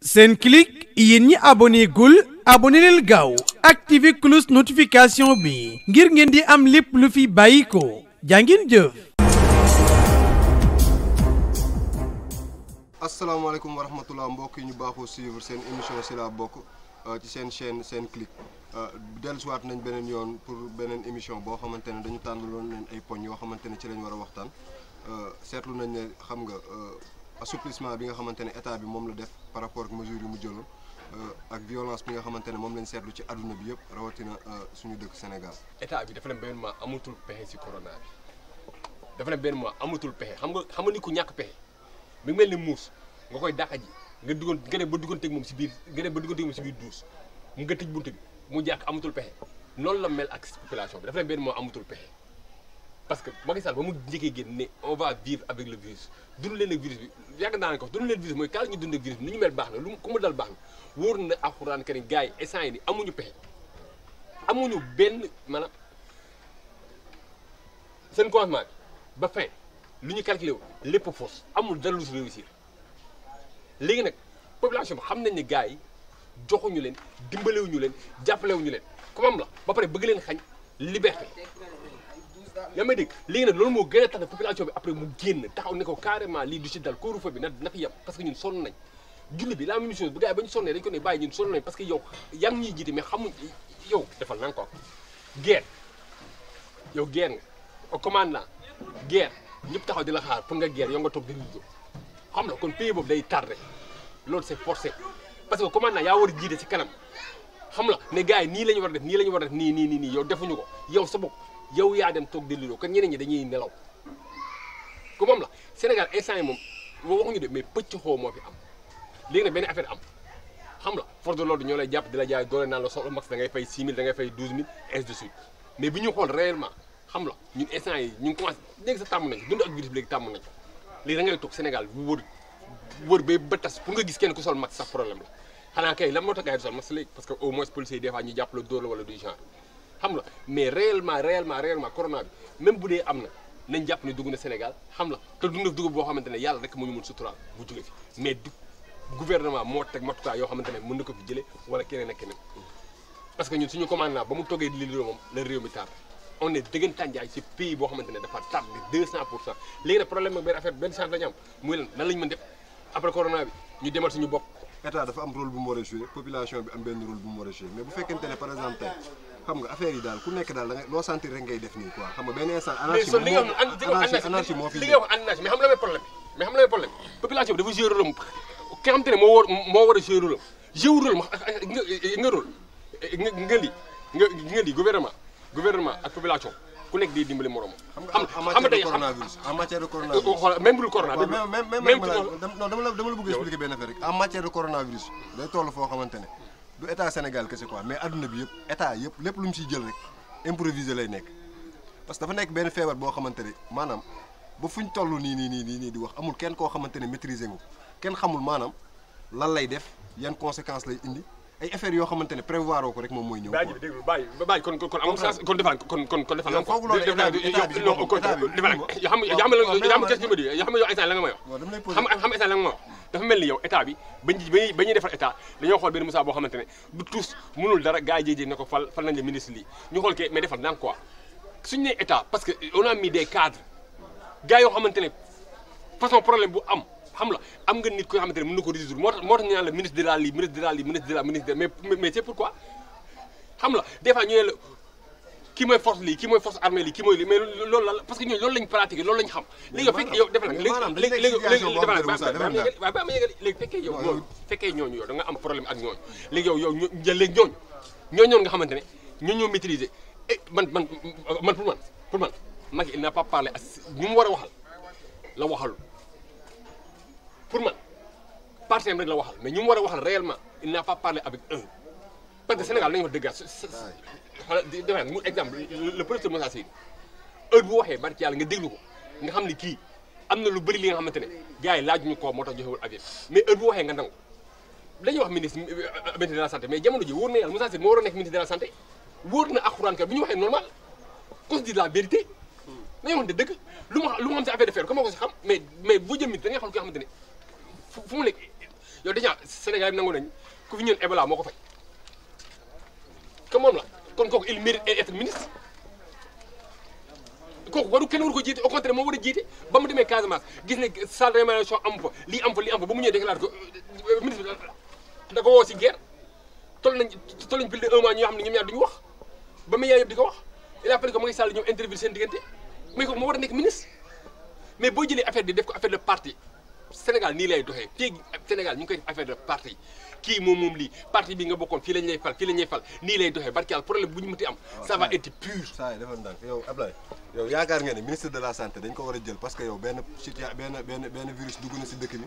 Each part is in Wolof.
Senclic yéen ñi abonné gul abonné leen gaaw activé cloche notification bi ngir ngeen di am lépp lu fi bàyyi ko jàngin jëf. asalaamaaleykum wa rahmatulah mbokk yi ñu baaxoo suivre seen émission si la bokk euh, ci seen chaîne Senclic euh, dellusiwaat nañ beneen yoon pour beneen émission boo xamante ne dañu tànnaloon leen ay poñ yoo xamante ne ci lañ war a waxtaan euh, seetlu nañ ne xam nga. assouplissement bi nga xamante ne état bi moom la def par rapport ak mesures yu mu jëloon euh, ak violence bi nga xamante ne moom lañ seetlu ci àdduna bi yëpp rawatina euh, suñu dëkk Sénégal. état bi dafa ne benn mois amatul pexe si corona bi dafa ne benn mois amatul pexe xam nga xam nga ni ku ñàkk pexe mi mel ni muus nga koy dàqa ji nga duggoon nga dem ba dugganteeg moom si biir nga dem ba dugganteeg moom si biir duus mu nga tëj bunt bi mu jàkk amatul pexe noonu la mel ak population bi dafa ne benn mois amatul pexe. parce que Macky Sall ba mu njëkkee génn on va vivre avec le virus dund leen ak virus bi yàgg naa ne ko dund leen virus mooy kaal ñu dund ak virus bi ni ñu mel baax na lu ku mu dal baax na wóor na alxuraan kariim gars yi instant yi ni amuñu pexe amuñu benn maanaam seen commencement bi ba fin lu ñu calculé wu lépp fausse amul dara lu si léegi nag population bi xam nañ ne gars yi joxuñu leen dimbalewuñu leen jàppalewuñu leen comme am la ba bëgg leen xañ yaa may dégg léegi nag loolu moo gën a tax ne population bi génn taxaw ne ko carrément lii du ci dal couvre-feu bi na na fi yem parce que ñun sonn nañ julli bi la même chose bu gars yi ba ñu sonnee dañ ko ne bàyyi ñun sonn nañ parce que yow yaa ngi ñuy jiite mais xamuñ yow defal nan ko guerre yow guerre nga au commandant guerre ñëpp taxaw di la xaar pour nga guerre yow nga toog di liggéey xam nga kon pays boobu day tardé loolu c'est forcé parce que commandant yaa war a jiite si kanam xam la ne gars yi nii la war def nii la ñu war a nii nii nii nii yow defuñu ko yow sa bopp yow yaa dem toog déliroo kon ñeneen ñi dañuy nelaw ko moom la Sénégal instant yi moom moom waxuñu de mais pëcc xoo fi am léegi nag benn affaire am xam la force de l'ordre ñoo lay jàpp di la jaay doole naan la da ngay fay 6000 da xool réellement xam la ñun instant yi ñu ngi commencé léegi sa tàmm nañ dund ak virus bi léegi sol max sax problème la xanaa kay lan moo tax gars yi sol max léegi parce que au moins policiers yi des ñu jàpp la dóor la du genre xam na mais réellement réellement réellement corona bi même bu dee am na nañ jàpp ne dugg na Sénégal xam la te dund dugub boo xamante ne yàlla rek moo ñu mën suturaal bu jóge fi mais du gouvernement moo teg matukaay yoo xamante ne mën na ko fi jëlee wala keneen ak keneen parce que ñun suñu commandement ba mu toggee li li moom la réew mi tardé on est dëggantaan ci pays boo xamante ne dafa tardé 200 pour cent léegi nag problème bi benn affaire bi benn rôle bu xam nga affaire yi daal ku nekk daal da nga loo sentir rek ngay def nii quoi xam nga benn instant. anarchie moo anarchie anarchie moo fi li nga wax anarchie mais xam la may problème mais xam la may problème population bi dafa jouer rôle am ki nga xam te ne moo war moo war a jouer rôle am jouer rôle ma ah, ah, ah, eh, eh, nga rôle nga eh, li nga nga li gouvernement gouvernement ak population ku nekk di dimbali moroom xam nga en matière de coronavirus en matière de coronavirus oh, xoolal même bul corona même même non dama la dama la bëgg expliquer benn affaire rek en matière de coronavirus day toll foo xamante ne du état Sénégal kese quoi mais adduna bi yëpp état yëpp lépp lu mu ciy jël rek improvisé lay nekk parce dafa nekk benn feebar boo xamante ne maanaam ba fu ñu toll nii nii nii nii di wax amul kenn koo xamante ne maîtriser nga kenn xamul maanaam lan lay def yan conséquences lay indi ay affaires yoo xamante ne ko rek moom mooy ñëw. bàyyi dégg nga bàyyi kon kon amul sens kon defaan kon defaan. foofu loolu état bi état yoo xam yoo xam yoo xam yoo dafa mel ni yow état bi bañ ba ñuy defar état dañoo xool benn Moussa boo xamante ne du tous mënul dara gars yi jéeg-jéeg ko fal fal nañ la ministre lii ñu xool ke mais defal naan quoi suñu nee état parce que on a mis des cadres gars yoo xamante ne façon problème bu am xam la am nga nit ko xamante ne mën ko résoudre moo tax moo tax ñu naan la ministre de la lii ministre de la ministre de la ministre de mais mais c'est pourquoi xam la des fois ñu ne la kii mooy force lii kii mooy force armée lii kii mooy lii mais loolu la parce que ñooñu loolu lañ pratiqué loolu lañ xam léegi yow fekk yow defe naa léegi léegi waaw ba ma yégal léegi fekkee yow ñooñu fekkee ñooñu yow da nga am problème nga xamante ne ñoo ñoo maîtriser eh, man man man pour man mag man Macky il n'a pas parlé ak ñu mu war a waxal la waxal pour man parti rek la waxal mais ñu mu war a waxal réellement il n'a pas parlé avec un parce que Sénégal nañu wax dëgg xoolal di defee mu exemple le professeur Moussa Seydi heure bu waxee barki yàlla nga déglu ko nga xam ni kii am na lu bëri li nga xamante ne gars yi ñu koo moo tax joxewul avis mais heure bu waxee nga nangu dañuy wax ministre euh, ministre de la santé mais jamono ji wóor na yàlla Moussa Seydi moo war a nekk ministre de la santé ka bu ñu waxee normal qu'on la vérité nañu wax ne dëgg lu ma lu ma xam si affaire de fer comme ma ko si xam mais mais bu jëm da ngay xool ki nga xamante ne fu mu nekk yow déjà Sénégal yi nangu nañ ku fi ñëw Ebola moo ko fay comme moom la kon kooku il mérite d'être ministre kooku waru kenn waru ko jiite au moo war a jiite ba mu demee Casamance gis ne salle de rémunération am fa lii am fa lii am fa ba mu ñëwee déclaré ko euh, ministre bi da woo si guerre toll nañ toll nañ plus de un mois ñoo xam ne ñoom ñaar duñu wax ba mu yaay yëpp di ko wax il a fallu que Macky Sall ñëw interview seen diggante mais kooku moo war nekk ministre mais boo jëlee affaire bi def ko affaire de parti Sénégal nii lay doxee fii Sénégal ñu ngi koy def affaire parti kii moom moom lii parti bi nga bokkoon fii lañ lay fal fii lañ lay fal nii lay doxee barki yàlla problème bu ñu mënti am ah, ça va pur saa yi defal ndànk yow yaakaar nga ministre de la santé dañ ko war a jël parce que yow benn situation benn benn benn virus dugg na si dëkk bi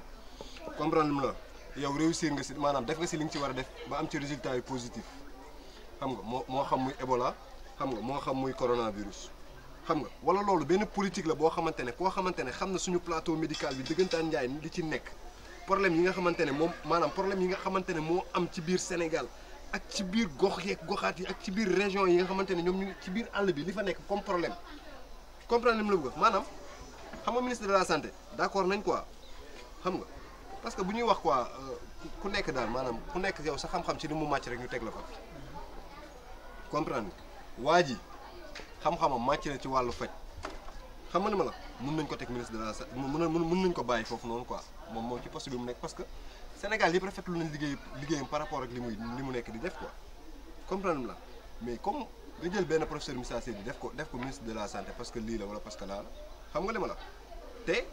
comprendre mu la yow réussir nga si maanaam def nga si li nga ci war a def ba am ci résultat yu positif xam nga moo moo xam muy Ebola xam nga moo xam muy coronavirus xam nga wala loolu benn politique la boo xamante ne koo xamante ne xam na suñu plateau médical bi dëggantaan njaay li ci nekk problème yi nga xamante ne moom maanaam problème yi nga xamante ne moo am ci biir Sénégal ak ci biir gox yeeg goxaat yi ak ci biir région yi nga xamante ne ñoom ñu ci biir àll bi li fa nekk comme problème comme problème la bëgg maanaam xam nga ministre de la santé d'accord nañ quoi xam nga parce que bu ñuy wax quoi euh, ku nekk daal maanaam ku nekk yow sa xam-xam ci li mu màcc rek ñu teg la ko comprendre waa ji xam-xamam màcc na ci wàllu faj xam nga ni ma la. mun nañ ko teg ministre de la sa mën mën nañ ko bàyyi foofu noonu quoi moom moom ci poste bi mu nekk parce que Sénégal yëpp rafetlu nañ liggéey liggéeyam par rapport ak li muy li mu nekk di def quoi comprendre la mais comme nga jël benn professeur Moussa Seydi def ko def ko ministre de la santé parce que lii la wala parce que laa la xam nga li ma la te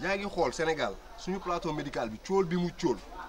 yaa ngi xool Sénégal suñu plateau médical bi cóol bi mu cóol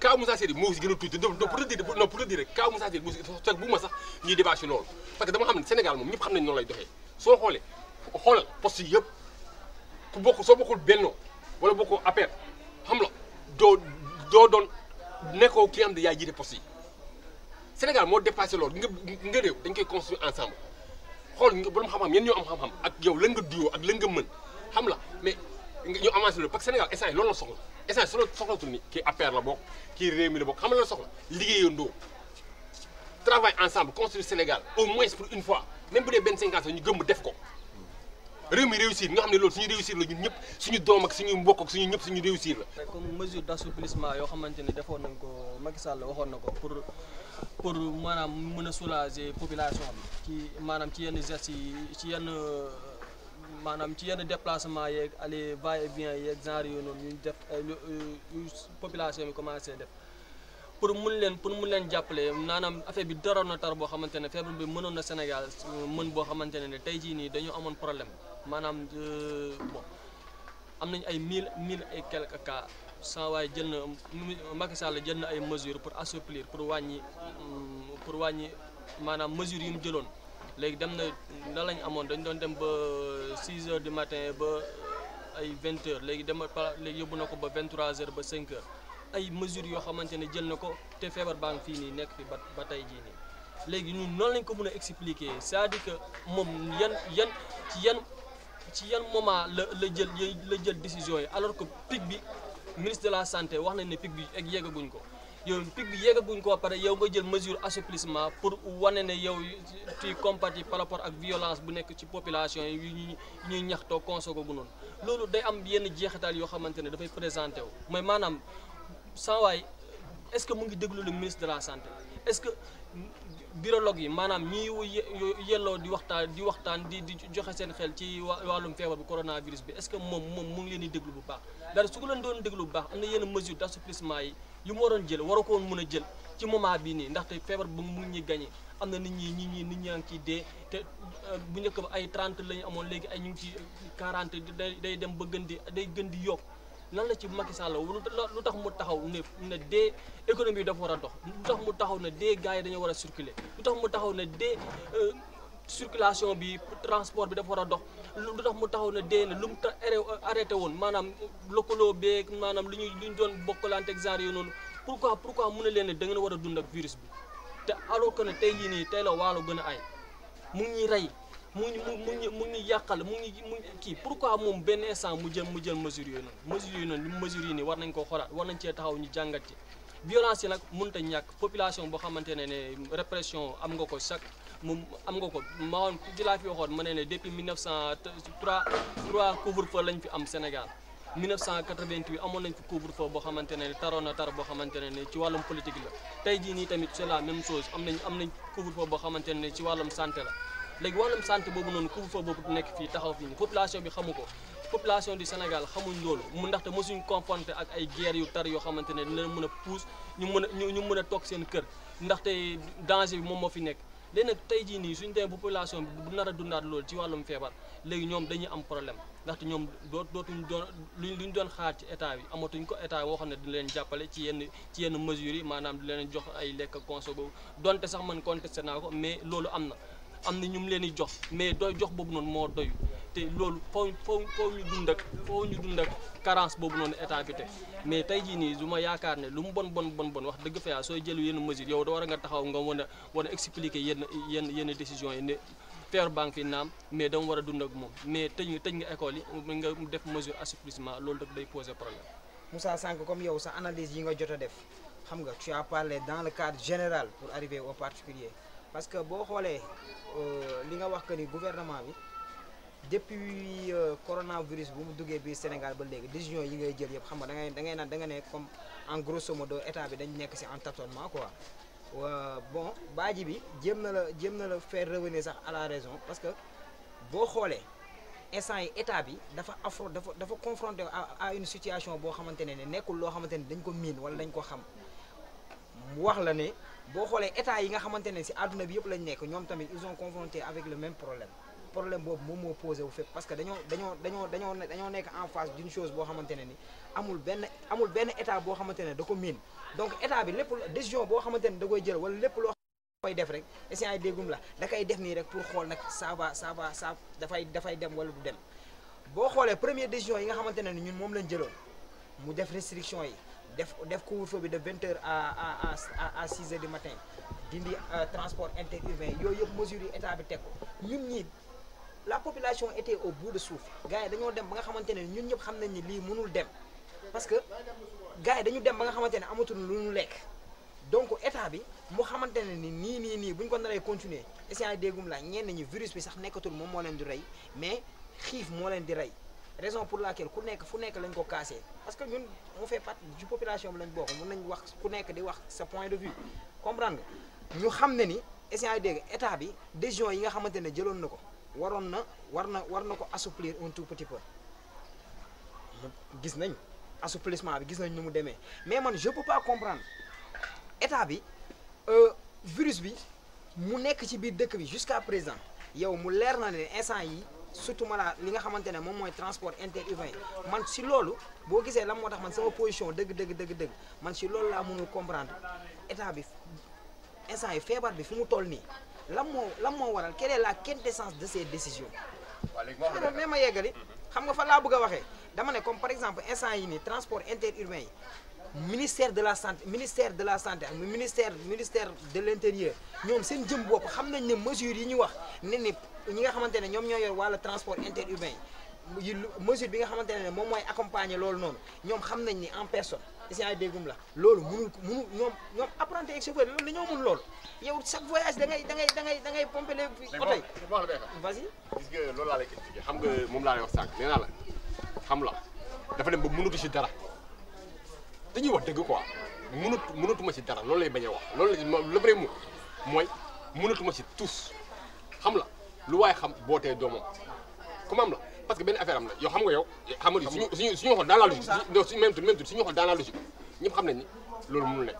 Kaaw Moussa Seydi moo si gën a tuuti non pour te loolu parce dama xam ne moom ñëpp xam nañ noonu lay soo xoolee xoolal poste yi yëpp ku bokk soo bokkul Benno wala bokkoo APR xam la doo doo doon nekkoo ki am de yaay ji poste yi Sénégal moo dépassé loolu nga nga réew dañ koy construire ensemble xool nga borom xam-xam yéen ñoo am xam-xam ak yow lan nga duyoo ak lan mën xam la mais ñu avancé loolu parce que Sénégal instant yi loolu la soxla instant yi solo soxlatul ni kii APR la bokk kii réew mi la bokk xam la soxla liggéeyandoo travail ensemble construire Sénégal au moins pour une fois même bu dee benn cinquante ñu gëm def ko réew mi réussir nga xam ne loolu suñu réussir la ñun ñëpp suñu doom ak suñu mbokk ak suñu ñëpp suñu réussir la. comme mesure d' assouplissement yoo xamante ni defoon ko Macky Sall waxoon na ko pour pour maanaam mën a soulager population bi ci maanaam ci yenn gestes yi ci yenn. maanaam ci yenn déplacement yeeg aller va et vient yeeg genre yooyu noonu ñu def euh, population bi commencé def pour mun leen pour mun leen jàppale naanaam affaire bi daroon na tar boo xamante ne feebar bi mënoon na Sénégal euh, mën boo xamante ne tey jii nii dañu amoon problème maanaam euh, bon am nañu ay mille mille et quelques cas sans waaye jël na Macky Sall jël na ay mesures pour assouplir pour wàññi mm, pour wàññi maanaam mesures yi mu jëloon. léegi dem na la lañ amoon dañ doon dem ba 6 heures du matin ba ay 20 léegi dem ba léegi yóbbu na ko ba 23 heures ba cinq heures ay mesures yoo xamante ne jël na ko te feebar baa ngi fii nii nekk fi ba ba tey jii nii léegi nu noonu lañ ko mën a expliquer cest à que moom yan yan ci yan ci yan moment la la jël la jël décision yi alors que pic bi ministre de la santé wax nañ ne pic bi ak yeggaguñ ko. yow pic bi yeggaguñ ko pare yow nga jël mesure assouplissement pour wane ne yow tuy compati par rapport ak violence bu nekk ci population yi ñuy ñaxtoo consogo gu noonu loolu day am yenn jeexital yoo xamante ne dafay présenté wu mais maanaam sans waay est-ce que mu ngi déglu le ministre de la santé est-ce que virologue yi maanaam ñi yelloo di waxtaan di waxtaan di di joxe seen xel ci wàllum feebar bu coronavirus bi est-ce que moom moom mu ngi leen di déglu bu baax dara su ko leen bu baax yenn mesure d'assouplissement yi yu mu waroon jël waru ko woon mën a jël ci moment bii nii ndaxte feebar bu mu ngi ñuy gagné am na nit ñi nit ñi nit ñaa ngi ciy dee te euh, bu njëkk ba ay 30 la ñu amoon léegi ay ñu ngi ci 40 day day dem ba gën di day gën di yokk lan la ci Macky Sall lu tax mu taxaw ne ne dee économie dafa war a dox lu tax mu taxaw ne dee gars yi dañoo war a circuler lu tax mu taxaw ne dee. Euh, circulation bi transport bi dafa war a dox lu tax mu taxaw ne dee na lu mu ta arrêté woon maanaam lëkkaloo beeg maanaam lu ñuy lu ñu doon bokkalante ak genre yooyu noonu pourquoi pourquoi mu ne leen ne da war a dund ak virus bi te alors que ne tey jii nii te la waalo gën a ay mu ngi ñuy rey mu ngi mu ngi mu ngi yàqal mu ngi mu kii pourquoi moom benn instant mu jël mu jël mesure yooyu noonu mesure yooyu noonu mesure yi nii war nañ ko xoolaat war nañ cee taxaw ñu jàngat ci violence yi nag mun a ñàkk population boo xamante ne ne répression am nga ko chaque moom am nga ko ma woon ci laa fi waxoon ma ne ne depuis 1903 trois couvre-feu lañ fi am Sénégal 1988 amoon nañ fi couvre-feu boo xamante ne tarona tara boo xamante ne ci wàllum politique la tey jii nii tamit c'est la même chose am nañ am nañ couvre-feu boo xamante ne ci wàllum sante la léegi wàllum santé boobu noonu couvre-feu boobu nekk fii taxaw fii nii population bi xamu ko population du Sénégal xamuñ loolu mu ndaxte mosuñ confronté ak ay guerre yu tar yoo xamante ne dina mën a pousse ñu mën a ñu mën a toog seen kër ndaxte danger bi moom moo fi nekk léegi nag tey jii nii suñ demee population bi bu nara dundaat loolu ci wàllum feebar léegi ñoom dañuy am problème ndaxte ñoom doo dootuñ doon luñ luñ doon xaar ci état bi amatuñ ko état woo xam ne di leen jàppale ci yenn ci yenn mesures yi maanaam di leen jox ay lekk conso boobu donte sax man contesté naa ko mais loolu am na am na ñu mu leen di jox mais dooy jox boobu noonu moo doy te loolu foo foo foo ñu dund ak foo ñu dund ak carence boobu noonu état bi te mais tey jii nii du ma yaakaar ne lu mu bon bon bon bon wax dëgg fa yaa sooy jël yenn mesures yow da war nga taxaw nga wan a war yenn décisions yi ne faire naam mais dama war a dund ak moom mais tëj nga tëj nga école yi nga def mesure assouplissement loolu daf day poser problème. Moussa Sank comme yow sa analyse yi nga jot a def xam nga tu as parlé dans le cadre général pour arriver au particulier parce que boo xoolee euh, li nga wax que ni gouvernement bi depuis euh, coronavirus bu mu duggee biir Sénégal ba léegi décision yi ngay jël yëpp xam nga dangay ngay da ngay naan da nga ne comme en grosso état bi dañ nekk ci en tâtonnement quoi euh, bon baaji bi jéem na la jéem na la faire revenir sax à la raison parce que boo xoolee instant yi état bi dafa affron dafa dafa confronté à une situation boo xamante ne nekkul loo xamante ne dañ ko miin wala dañ ko xam wax la ne. boo xoolee état yi nga xamante ne si àdduna bi yëpp lañ nekk ñoom tamit ils sont confrontés avec le même problème problème boobu moom moo posé wu fépp parce que dañoo dañoo dañoo dañoo dañoo nekk en face d'une chose boo xamante ne ni amul benn amul benn état boo xamante ne da ko miin donc état bi lépp décision boo xamante ne da koy jël wala lépp loo koy def rek essient ay déggum la da koy def nii rek pour xool nag ça va ça dafay dafay dem wala du dem boo xoolee première décision yi nga xamante ne ni ñun moom lañ jëloon mu def restriction yi def def couvre-feu bi de vingt à à à six heures du matin dindi euh, transport interurbain yooyu yëpp mesures yi état bi teg ko ñun ñii la population était au bout de suuf gars yi dañoo dem ba nga xamante ne ñun ñëpp xam nañ ni lii mënul dem parce que gars dañu dem ba nga xamante ne amatul lu ñu lekk donc état bi mu xamante ne ni nii nii nii bu ñu ko naree continuer essayant déggum la ñenn ñi virus bi sax nekkatul moom moo leen di rey mais xiif moo leen di rey raison pour laquelle ku nekk fu nekk lañ ko kaasee parce que ñun on fait partie du population bi lañ bokk mën ku nekk di wax sa point de vue comprendre nga xam ne ni essient yi dégg état bi décision yi nga xamante ne jëloon na ko waroon na war na war na ko assouplir un tout petit peu gis nañ assouplissement bi gis nañ nu mu demee mais man je peux pas comprendre état bi euh, virus bi mu nekk ci biir dëkk bi jusqu'à présent yow mu leer na ne instant yi surtout mala li nga xamante ne moom mooy transport interurbain man si loolu boo gisee lan moo tax man sama position dëgg dëgg dëgg dëgg man si loolu laa mënul comprendre état bi instant yi feebar bi fi mu toll nii lan moo lan moo waral quelle est la quintessence de ces décisions xanaa même ma yeggali xam nga fa laa bëgg a waxee dama ne comme par exemple instant yi nii transport interurbain yi ministère de la santé ministère de la santé ak ministère ministère de l' intérieur ñoom seen jëm bopp xam nañ ne mesures yi ñu wax ne ni ñi nga xamante ne ñoom ñoo yor la transport interurbain yi mesure bi nga xamante ne moom mooy accompagner loolu noonu ñoom xam nañ ni en personne essient déggum la loolu mënul mënul ñoom ñoom apprenti ak chauffeur loolu dañoo mun loolu yow chaque voyage da da ngay da ngay da xam nga moom laa lay wax sànq nee naa la xam la dafa dem ba mënatu si dara dañuy wax dëgg mënatuma si dara loolu lay bañ a wax loolu la le vrai mot mooy mënatuma si tous xam la lu waay xam bootee doomam comme am la parce que benn affaire am la yow xam nga yow xam nga suñu suñu suñu waxoon dans la logique suñu même tur même tur suñu waxoon dans la logique ñëpp xam nañ ni loolu mënul nekk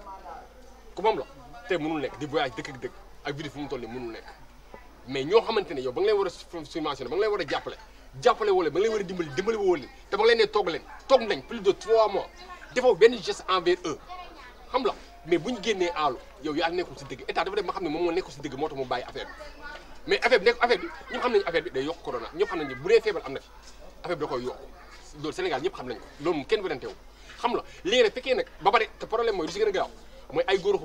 comme am la tey mënul nekk di voyage dëkk ak dëkk ak vidéo fu mu toll nii mënul nekk mais ñoo xamante ne yow ba nga leen war a subventionné ba nga leen war a jàppale jàppale wala ba nga leen war a dimbali dimbali wala te ba nga leen ne toog leen toog nañ plus de trois mois defoo benn geste envers eux xam la mais bu ñu génnee aalu yow yaa nekkul si dëgg état dafa def ma xam ne moom moo nekkul si dëgg moo tax mu bàyyi affaire bi mais affaire bi nekk affaire bi ñëpp xam nañu affaire bi day yokk corona ñëpp xam nañu bu dee feebar am na fi affaire bi da koy yokk loolu Sénégal ñëpp xam nañu ko loolu moom kenn werante nag fekkee nag ba pare te problème mooy du si gën a gaaw mooy ay góor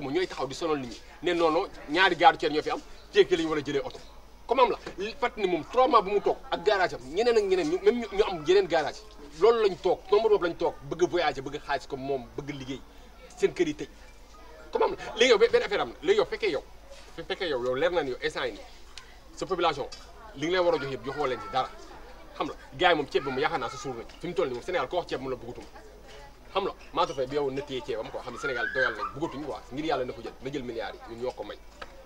ne non a jëlee oto comme am la fàttali ni moom bu mu toog ak garage am ñeneen ak ñeneen même ñu am yeneen garage loolu lañ toog nombre boobu lañ toog bëgg voyager bëgg moom bëgg liggéey seen kër yi tëj comme am la léegi yow fekkee yow fekkee yow yow leer na ni yow instant yi sa population li nga leen war a jox yëpp joxoo leen ci dara xam ne Sénégal doyal nañ bëggatuñu quoi ngir yàlla na ko jël na jël milliards yi ñun ñoo ko may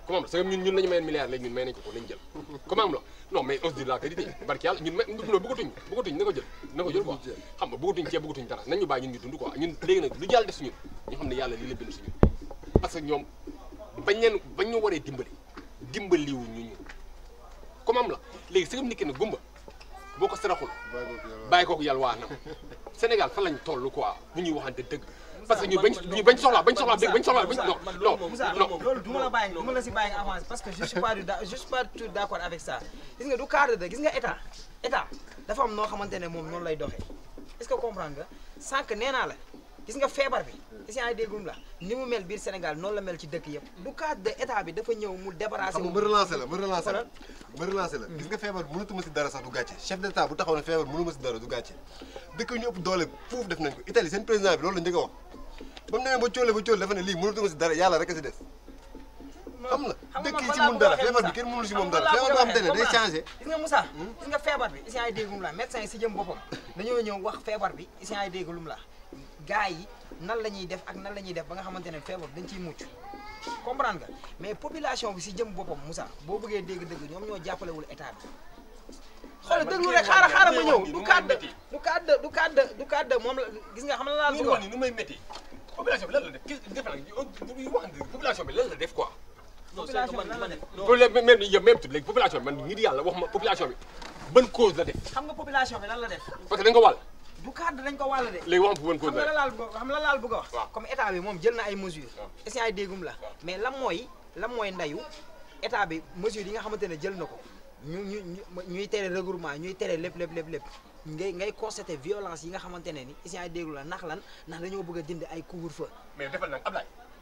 comment am la sa ñun ñun lañu ñu bàyyi lii la bind suñu parce que ñoom bañ leen waree dimbali dimbaliwu ñu comme am la léegi sëgam nit ki ne gumba boo ko saraxul bàyyi kook yàlla waanam Sénégal fan lañ toll quoi bu ñuy waxante dëgg parce que ñu bañ ñu bañ soxlaa bañ soxlaa dégg bañ soxlaa bañ non non non loolu du ma la bàyyi du ma la si bàyyi nga avancé parce que je suis pas je suis pas tout d'accord avec ça gis nga du cadre de gis nga état état dafa am noo xamante ne moom noonu lay doxee est-ce que comprendre nga sànq nee naa la gis nga feebar bi isient déggum la ni mu mel biir Sénégal noonu la mel ci dëkk yëpp du cadre de état bi dafa ñëw mu débarrassé ma relancé la ma relancé la ma gis nga feebar bi mënatuma si dara sax du gàcce chef d'état bu taxaw ne feebar bi a wax ba mu demee ba cóole ba cóole dafa ne lii mënatuma si dara yàlla rek a si des am na dëkk yi ci mun dara feebar bi kenn mënul si moom dara feebar bi isient déggum la médecin yi wax feebar bi isient déggum la gars yi nan la ñuy def ak nan la ñuy def ba nga xamante ne feebar dañ ciy mucc comprendre nga mais population bi si jëm boppam Moussa boo bëggee dégg-dëgg ñoom ñoo jàppalewul état bi. xool déglu rek xaaral xaaral ma ñëw du cadre du cadre du cadre du cadre moom la gis nga xam ne laal. lu ni nu may métti population bi lan la def kii def na population bi lan la def quoi. population bi lan la def problème même yow même léegi population bi man ngir yàlla wax ma population bi ban cause la def. xam nga population bi lan la def. parce que da nga wàll. bu cadre dañ ko wàll de. léegi wax nga ko laal bëgg xam la laal bëgg a wax. comme état moom jël na ay mesures. est ay déggum la. mais lan mooy lan mooy ndayu état bi mesures yi nga xamante ne jël na ko ñu ñu ñuy tere regroupement ñuy tere lépp lépp lépp ngay ngay constater violence yi nga xamante ne ni est ay déggu la ndax lan ndax dañoo bëgg a dindi ay couvre-feu. mais defal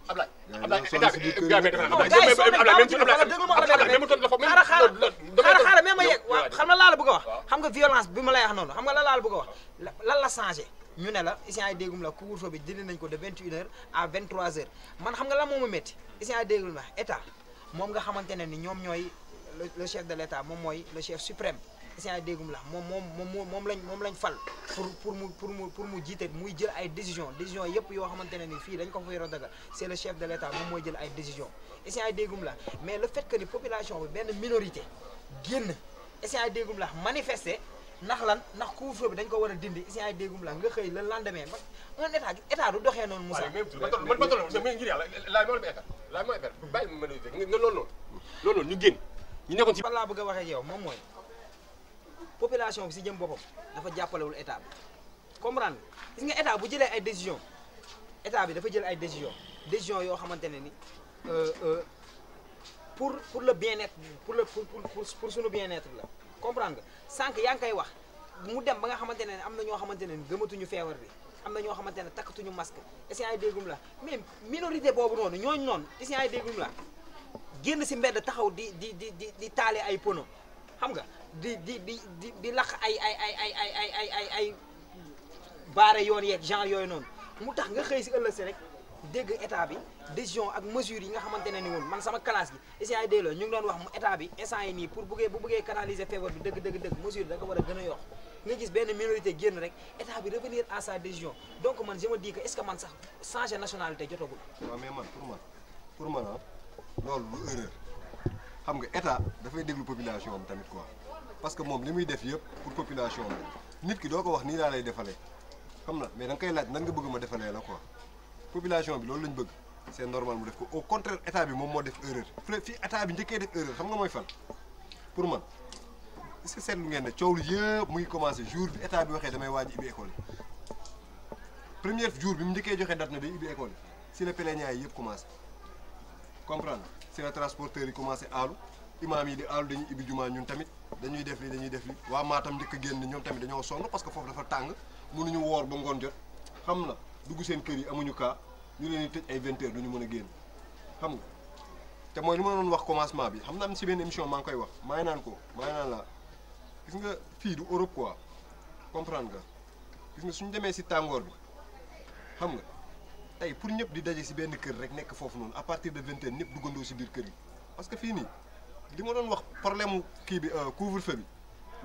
Ablaye Ablaye état bi gars bi dafa Ablaye même ma yegg waaw xam nga laa la bëgg a wax xam nga violence bi ma lay wax noonu xam nga la laa la bëgg a wax lan la changé ñu ne la isient ay déggum la couvre-feu bi dindi nañ ko de vingt une heures à vingt trois heures man xam nga lan moo ma métti isient ay déggum la état moom nga xamante ne ni ñoom ñooy le chef de l' état moom mooy le chef suprême instant déggum la moom moom moom moom lañ moom lañ fal pour pour mu pour mu pour mu jiite muy jël ay décision décision yëpp yoo xamante ne ni fii dañ ko fa yor a dagal c'est le chef de l'État moom mooy jël ay décision instant déggum la mais le fait que ni population bi benn minorité génn instant déggum la manifester ndax lan ndax couvre-feu bi dañ ko war a dindi instant déggum la nga xëy le lendemain ba un état état du doxee noonu Moussa man man tolloon ngir yàlla laay moo la ba état laay moo la ba bàyyi minorité nga loolu noonu loolu noonu ñu génn ñu nekkoon ci. balaa bëgg a waxee yow moom mooy population bi si jëm boppam dafa jàppalewul état bi comprendre gis nga état bu jëlee ay décision état bi dafa jël ay décision décision yoo xamante ne ni euh, euh, pour pour le bien-être pour le pour pour pour suñu bien-être la comprendre nga sànq yaa ngi koy wax mu dem ba nga xamante ne am na ñoo xamante ne gëmatuñu feebar bi am na ñoo xamante ne takkatuñu masque est-ce ay déggum la mais minorité boobu noonu ñooñu noonu est-ce que ay déggum la génn si mbedd taxaw di di di di di taale ay pono xam nga di di di di di lax ay ay ay ay ay ay ay ay ay baare yoon yeeg genre yooyu noonu mu tax nga xëy si ëllëg si rek dégg état bi décision ak mesure yi nga xamante ne ni woon man sama classe ñu ngi doon wax mu état bi instant yi nii pour buggee bu buggee canaliser feebar bi war a gën a yokk nga gis benn minorité génn rek état bi revenir à sa décision donc man je me dis que est-ce que man sax changer nationalité jotagul. waaw mais man pour man pour man ah, loolu lu erreur xam nga état dafay déglu population am tamit quoi. parce que moom li muy def yëpp pour population bi nit ki doo ko wax nii laa lay defalee xam na mais da nga laaj nan nga bëgg ma defalee la ko population bi loolu lañ bëgg c'est normal mu def ko au contraire état bi moom moo def erreur. fi état bi njëkkee def erreur xam nga mooy fan pour man est-ce que seetlu ngeen ne coow lu yëpp mu ngi commencé jour bi état bi waxee damay waaj ubbi école yi premier jour bi mu njëkkee joxe date na day ubbi école si la plaignants yëpp commencé comprendre si la transporteurs commencé aalu. imaam yi di aalu dañuy ibbi jumaa ñun tamit dañuy def li dañuy def li waa Matam njëkk a génn ñoom tamit dañoo sonn parce que foofu dafa tàng mënuñu woor ba ngoon jot xam na dugg seen kër yi amuñu kaa ñu leen di tëj ay vingt heures duñu mën a génn xam nga te mooy li ma doon wax commencement bi xam na am si benn émission maa ngi koy wax maa naan ko maa ngi naan la gis nga fii du Europe quoi comprend nga gis nga suñu demee si tàngoor bi xam nga tey pour ñëpp di daje si benn kër rek nekk foofu noonu à partir de vingt heures ñëpp duggandoo si biir kër parce que fii nii li ma doon wax problème kii bi euh, couvre-feu bi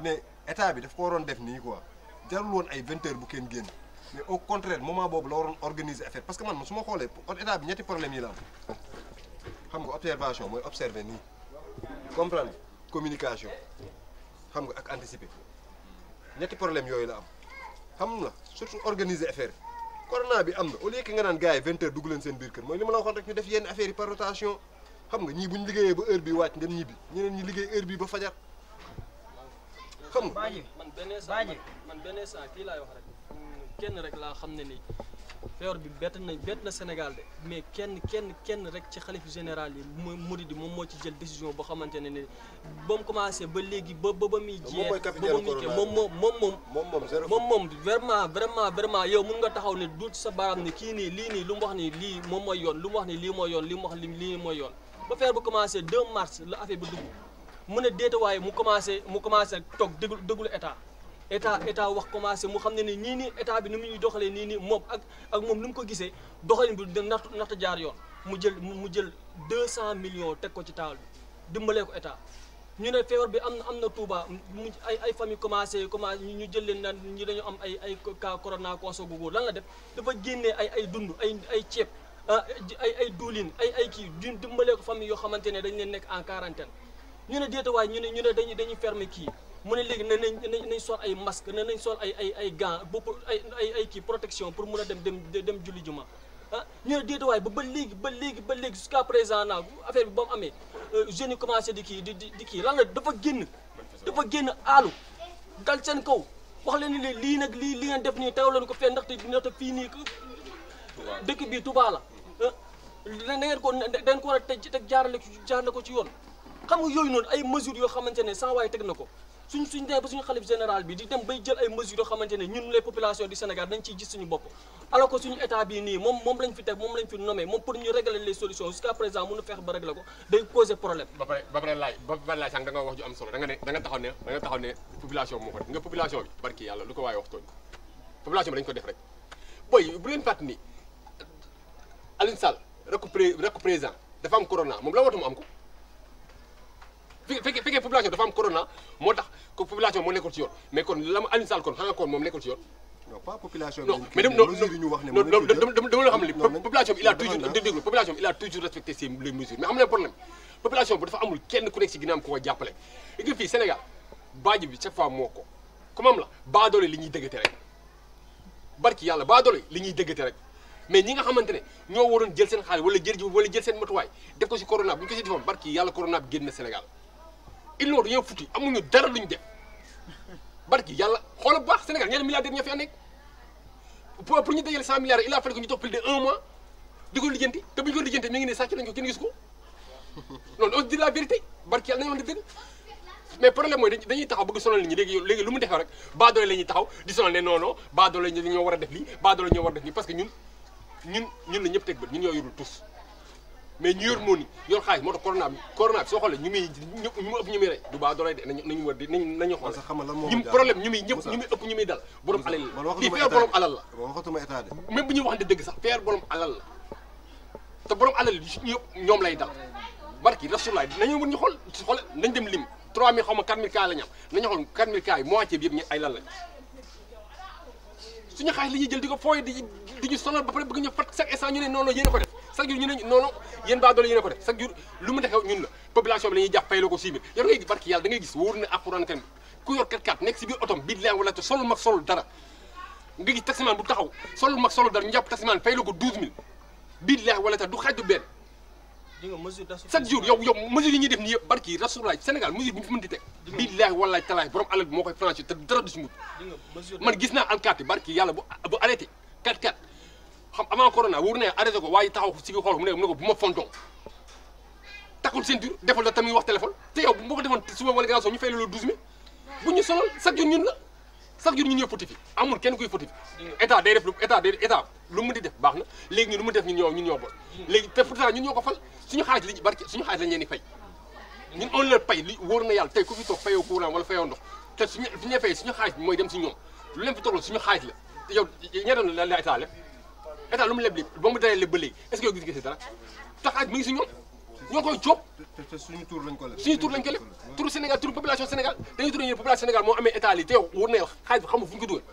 ne état bi daf ko waroon def nii quoi jarul woon ay vingt bu kenn génn mais au contraire moment boobu la waroon organiser affaire parce que man su ma xoolee état bi ñetti problème yi la am xam nga nii comprendre communication xam nga ak anticiper surtout organiser affaire corona bi am na au lieu que nga naan gars yi vingt heures dugg leen seen biir kër mooy li ma la waxoon rek ñu def yenn affaire par rotation xam nga ñii bu ñu liggéeyee ba heure bi wàcc dem ñibbi ñeneen ñi liggéey heure bi ba fajar xam nga. baaji man benn saa man benn saa kii laay wax rek kenn rek laa xam ne nii feebar bi bett na bett na Sénégal de mais kenn kenn kenn rek ci xalif général yi mooy Mouride moom moo ci jël décision boo xamante ne ni ba mu commencé ba léegi ba ba ba muy jeex ba ba muy kii moom moom moom moom moom moom vraiment vraiment vraiment yow mun nga taxaw ne duut sa baaraam ne kii nii lii nii lu mu wax nii lii moom mooy yoon lu mu wax nii lii mooy yoon li mu wax nii lii mooy yoon ba feer bu commencé 2 mars la affaire bi dugg mu ne waaye mu commencé mu commencé toog déglu déglu état état état wax commencé mu xam ne ni nii nii état bi ni mu ñuy doxalee nii nii moom ak ak moom ni mu ko gisee doxalin bi naxtu naxtu jaar yoon mu jël mu jël 200 millions teg ko ci taal bi dimbalee état. ñu ne feebar bi am na am na Touba mu ay ay famille commencé commencé ñu jël leen naan ñu dañu am ay ay cas corona naa gu góor lan la def dafa génne ay ay dund ay ay ceeb. Ah, ay ay duulin ay ay kii du dimbalee ko famille yoo xamante ne dañ leen nekk en quarantaine ñu ne déetawaay ñu ne ñu ne dañu dañuy fermer kii mu ne léegi ne nañ nañ sol ay masque ne nañ sol ay ay ay gants bopp ay ay kii protection pour mun a dem dem dem julli juma ah ñu ne déetawaay ba ba léegi ba léegi ba léegi jusqu'à présent naa affaire bi ba mu amee euh, jeunes yi commencé di kii di di kii lan la dafa génn dafa génn aalu dal seen kaw wax leen ni lii nag lii li ngeen def nii teew leen ko fee ndaxte ndaxte fii nii dëkk bi Touba la da ngeen ko da ngeen ko war a teg teg jaarale jaarale ko ci yoon xam yooyu noonu ay mesures yoo xamante ne waaye teg na ko suñ suñ demee ba suñu xalif général bi di dem bay jël ay mesures yoo xamante ñun les populations du Sénégal dañ ciy gis suñu bopp alors que suñu état bii nii moom moom lañ fi teg moom lañ fi nommé moom pour ñu régler les solutions jusqu'à présent mënu feex ba régler ko day poser problème ba pare ba ba pare laaj sax da wax ju Alioune Sall rekk pré rekk président dafa am corona moom la woote mu am ko fi fekkee fekkee population dafa am corona moo tax ko population moo nekkul ci yoon mais kon la ma Alioune Sall kon xanaa kon moom nekkul ci yoon. non pas population non li population bi il a toujours déglu population bi il a toujours respecté ses les mesures mais am na problème population bi dafa amul kenn ku nekk si ginnaam ko jàppale léegi fii Sénégal baaji bi chaque fois moo ko comme am la baadoole li ñuy dëggate li ñuy rek mais ñi nga xamante ne ñoo waroon jël seen xaalis wala jël ji wala jël seen matuwaay def ko si corona bu ñu ko si defoon barki yàlla corona bi génn na Sénégal ils n'ont rien foutu amuñu dara luñ def barki yàlla xoola bu baax Sénégal ñaari milliardaires ñoo fi ànd pour pour ñu dajale cent milliards il a fallu que ñu toog plus de un mois di ko lijjanti te bu ñu ko lijjanti mi ngi ne sàcc nañ ko kenn gis ko loolu aussi di la vérité barki yàlla nañu wax dëgg mais problème mooy dañuy taxaw bëgg sonal nit ñi léegi léegi lu mu defee rek baadoole la ñuy taxaw di sonal ne non non baadoole ñoo war a def lii baadoole ñoo war a def lii parce que ñun ñun ñun la ñëpp teg bët ñun ñoo yorul tous mais ñu yor moo ni yor xaalis moo tax corona bi corona bi dal la fii feer borom alal la waxatuma état de même bu ñuy waxante dëgg sax feer barki rasulaay nañu wër ñu xool xool nañ dem lim 3000 xaw ma 4000 cas la nañu xool 4000 cas yi moitié bi yëpp ñu ay lan lañ suñu xaalis la jël di ko fooy di du ñu sonal ba pare ñu fat chaque instant ñu ne noonu a ko def chaque jour ñu ne noonu yéen baa doole yéen ko def chaque jour lu mu dexew ñun la population bi la ñuy jàpp fay la ko 6000 yor nga gis barki rasulaay du si mut xam avant corona wóor na arrêté ko waaye taxaw si xool mu ne ne ko bu ma fonton takkul seen dur defal la tamit wax téléphone te yow bu ma ko defoon suba wala gannaaw ñu fay loolu douze mille bu ñu sonal chaque jour ñun la chaque jour ñun ñoo fautif amul kenn kuy fautif état day def lu état day lu mu di def baax na léegi ñun lu mu def ñun ñoo ñun ñoo bon léegi te a ñun ñoo ko fal suñu xaalis li barke suñu xaalis lañ leen di fay ñun on leur paye li na yàlla tey ku fi toog fayoo courant wala fayoo ndox te suñu suñu fay suñu xaalis mooy dem si ñoom lu leen fi toog suñu xaalis la yow ñedoon la état état lu mu leb lépp ba mu dalee leb ba léegi est-ce que yow gis-gis dara taxaaj mi ngi si ñoom ñoo koy jóg. te suñu tur lañ ko leb suñu tur lañ ko leb turu Sénégal turu population Sénégal dañuy tur ne population Sénégal moo amee état lii te yow war na yow xaalis bi xamul fu ñu ko dugal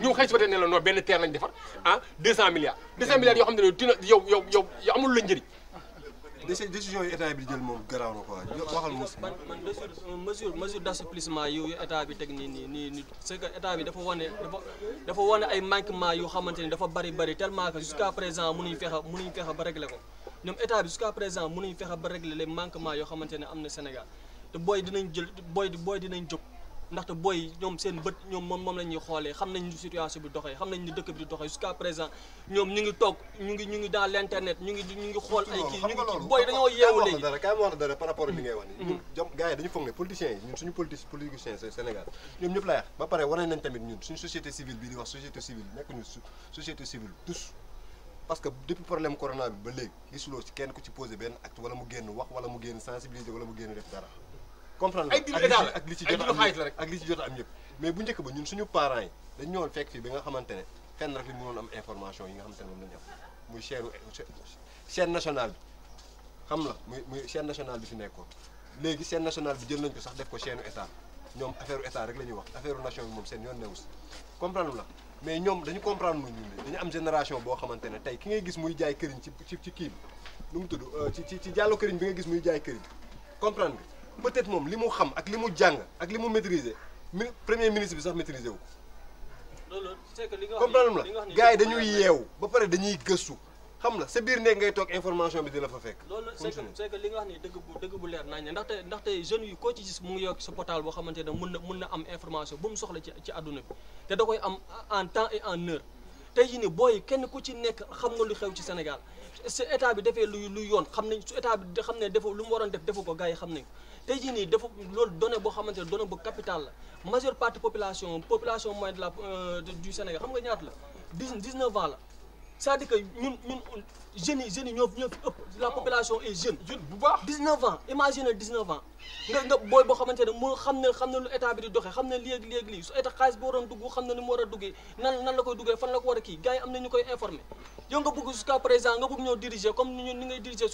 ñoom xëy si ba tey ne la non benn terre lañ defar ah 200 milliards 200 milliards yoo xam ne dina yow yow yow amul la njëriñ décision yi état bi jël moom garaaw na quoi waxal mos. man man mesure mesure d'assouplissement yu état bi teg nii nii nii nii que état bi dafa wane dafa wane ay manquement yoo xamante ni dafa bari bari tellement que jusqu'à présent mënuñ fexe mënuñ fexe ba régler ko ñoom état bi jusqu'à présent mënuñ fexe ba régler les manquements yoo xamante am na Sénégal te booy dinañ jël booy booy dinañ jóg. ndaxte booy ñoom seen bët ñoom moom moom la xoolee xam nañ situation bi doxee xam nañ dëkk bi di doxee jusqu'à présent ñoom ñu ngi toog ñu ngi ñu ngi dans l'internet ñu ngi ñu ngi xool ay kii ñu ngi booy dañoo yeewu léegi dara kaay ma wax dara par rapport li ngay wax ni jom mhm. gars yi dañu foog ne politiciens yi ñun suñu politique politiciens ñoom ñëpp lay wax ba pare wane nañ tamit ñun suñu société civile bi di wax société civile nekk ñu société civile tous parce kenn ku ci posé benn wala mu génn wax wala mu génn sensibiliser wala comprendre ay dilu état la ak li ci jot xaalis la rek ak li ci jot am yëpp mais bu njëkk ba ñun suñu parents yi dañ ñëwoon fekk fii bi nga xamante ne fenn rek li mënoon am information yi nga xamante ne moom lañu am bi xam la muy muy chaîne nationale bi fi nekkoon léegi chaîne nationale jël sax def ko chaîne état ñoom affaire état la ñuy wax affaire nation moom seen yoon newu si comprendre la mais ñoom dañu comprendre mu ñun dañu am génération boo xamante ne tey ki ngay gis muy jaay këriñ ci ci ci kii bi mu tudd euh, ci ci ci jàllo këriñ bi nga gis muy jaay këriñ comprendre nga peut-être moom li mu xam ak li mu jàng ak li mu maîtriser mi premier ministre bi sax maîtriser wu ko. loolu c'est que li nga wax comprendre la gars yi dañuy yeewu ba pare dañuy gëstu xam la sa biir nekk toog information bi di la fekk. loolu li nga wax ni dëgg bu dëgg bu leer nañ ne ndaxte ndaxte jeunes yi koo ci gis mu ngi yokk ne mën na mën na am information bu mu soxla ci ci àdduna te da koy am en temps en heure. tey jii nii booy kenn ku ci nekk xam nga lu xew ci Sénégal su état bi defee lu lu yoon xam nañ su état xam ne defu lu mu waroon def defu ko gars yi xam nañ tey jii nii dafa loolu donnée boo xamante ne donnée bu capital la majeure partie population population moyenne de la euh, du Sénégal xam nga ñaata la dix dix-neuf ans la c'est-à-dire que ñun ñun jeunes yi jeunes yi ñoo ñoo fi ëpp la oh. population est jeune. jeune bu baax dix-neuf ans imaginez dix-neuf ans nga nga booy boo xamante ne moo xam ne lu état bi di doxee xam ne léegi léegi lii su état xaalis boo waroon dugg xam ne ni mu war a duggee nan nan la koy duggee fan la ko war a kii gars yi am na ñu koy informé yow nga bëgg jusqu'à présent nga comme ni ñu ni ngay diriger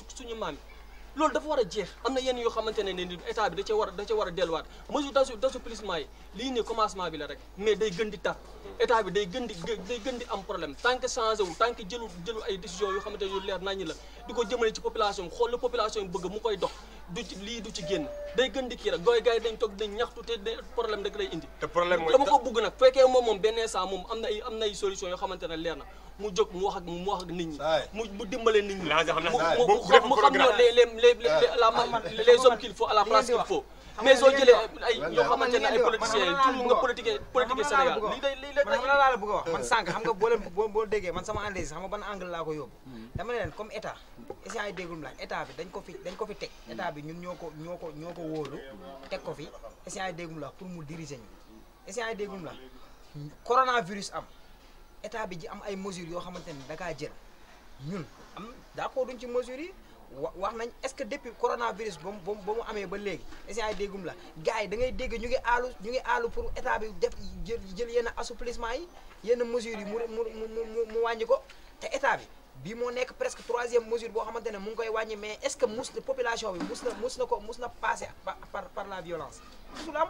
loolu dafa war a jeex am na yenn yoo xamante ne ni état bi da cee war a da cee war a delluwaat mesure d'assou d'assouplissement yi ne commencement bi la rek mais day gën di tar état bi day gën di day gën di am problème tant que changé wu tant que jëlu jëlu ay décisions yoo xamante ne yu leer nañu la di ko jëmale ci population xool la population yi bëgg mu koy dox du ci lii du ci génn day gën di kii rek gooy gars yi dañ toog dañ ñaxtu te problème rek lay indi. te problème mooy dama ko bugg nag fekkee moom moom benn saa moom am na ay am na ay solution yoo xamante ne leer na mu jóg mu wax ak mu wax ak nit ñi. mu mu dimbale nit ñi. mu mu xam mu xam les les les les ah. les hommes qu'il faut à la place qu'il faut. mais soo jëlee ay yoo xamante ne ay politiciens yi nga politique politique lii day lii la la a wax man sànq xam nga boo leen boo déggee man sama analyse xam nga ban angle laa ko yóbbu dama ne leen comme état essient ay déggulum ko fi dañ ko ñoo ko ñoo ko ñoo ko wóolu teg ko fi essient ay la pour mu diriger ñu essient ay déggulum la coronavirus am état bi ji am ay mesures yoo xamante ne da kaa jël ñun am d'accord duñ ci mesures wa wax nañ est-ce que depuis coronavirus ba mu ba mu amee ba léegi est-ce ay déggum la gars yi ngay dégg ñu ngi aalu ñu ngi aalu pour état bi def jël jël yenn assouplissement yi yenn mesures yi mu mu mu wàññi ko te état bi bii moo nekk presque troisième mesure boo xamante ne mu ngi koy wàññi mais est-ce que mus na population bi mus na mus na ko mus na passer par par la violence. musul am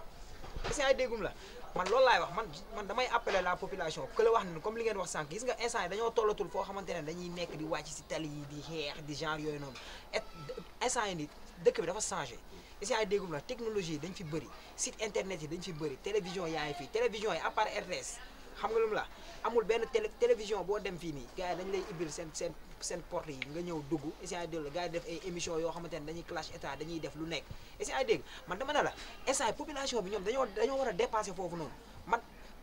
est ay déggum la. man loolu laay wax man man damay appeler la population que la wax ne comme li ngeen wax sànq gis nga instant yi dañoo tollatul foo xamante ne nekk di wàcc si tali yi di xeex di genre yooyu noonu et instant dëkk bi dafa changé instant yi déggum la technologie yi dañ fi bëri site internet yi dañ fi bëri télévision yaa ngi fi télévision yi à part RTS xam nga lu mu la amul benn télé télévision boo dem fii nii gars yi dañu lay ibbil seen seen seen porte yi nga ñëw dugg essayé dégg la gars ay émission yoo xamante ne dañuy clash état dañuy def lu nekk essayé dégg man dama ne la essayé population bi ñoom dañoo dañoo war a dépasser foofu noonu man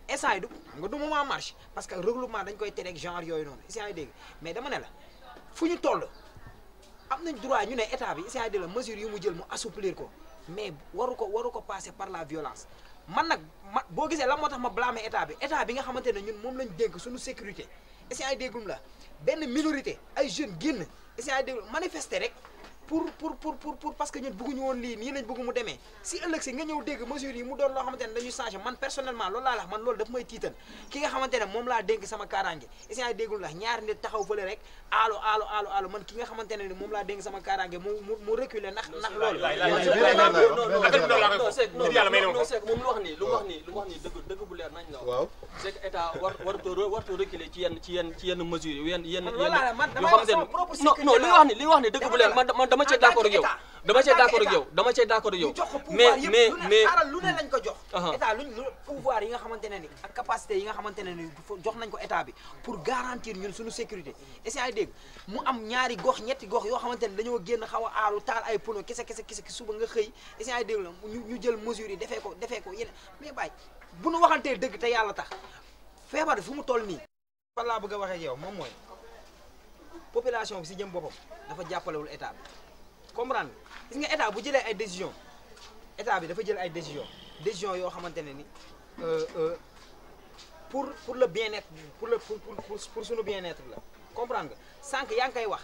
essayé du xam nga du moment marche parce que regroupement dañ koy tere ak genre yooyu noonu essayé dégg mais dama ne la fu ñu toll am nañ droit ñu ne état bi essayé dégg la mesure yu mu jël mu assouplir ko mais waru ko waru ko passer par la violence man nag man boo gisee la moo tax ma blâmer état bi état bi nga xamante ne ñun moom lañ dénk suñu sécurité est-ce que ay déggum la benn minorité ay jeunes génn est-ce que ay déggum manifester rek pour pour pour pour parce que ñun woon lii nii lañ bëgg demee si ëllëg si nga ñëw dégg mesures mu doon loo xamante ne dañuy man personnellement loolu laa lax man loolu daf may tiital ki nga xamante moom laa dénk sama kaaraange essient déggul lax ñaari nit taxaw fële man ki nga xamante ne moom laa lu wax nii lu wax nii lu bu leer nañ la waaw c'est que état war warto warto reculer ci yenn ci yenn ci yenn mesures yi yenn yenn yenn yoo xamante ne non li wax ni dama cee ah, d'accord ah, yow dama cee d'accord ak yow dama cee d'accord ak yow mais mais mais alal lu ne lañ ko jox uh-huh. état luñ pouvoir yi nga xamante ne ni ak capacité yi nga xamante ne ni jox nañ ko état bi pour garantir ñun suñu sécurité est ay dégg mu am ñaari gox ñetti gox yoo xamante ne dañoo génn xaw a aaru taal ay pono kese kese kese suba nga xëy est-ce que ay dégg la ñu jël mesures yi defee ko defee ko yeneen mais bàyyi bu nu waxantee dëgg te yàlla tax feebar fu mu toll nii laa bëgg a waxee yow moom mooy population bi si jëm boppam dafa jàppalewul état comprendre gis nga état bu jëlee ay décision état bi dafa jël ay décision décision yoo xamante ne ni euh, euh, pour pour le bien-être pour pour pour pour bien-être la comprendre nga sànq yaa ngi koy wax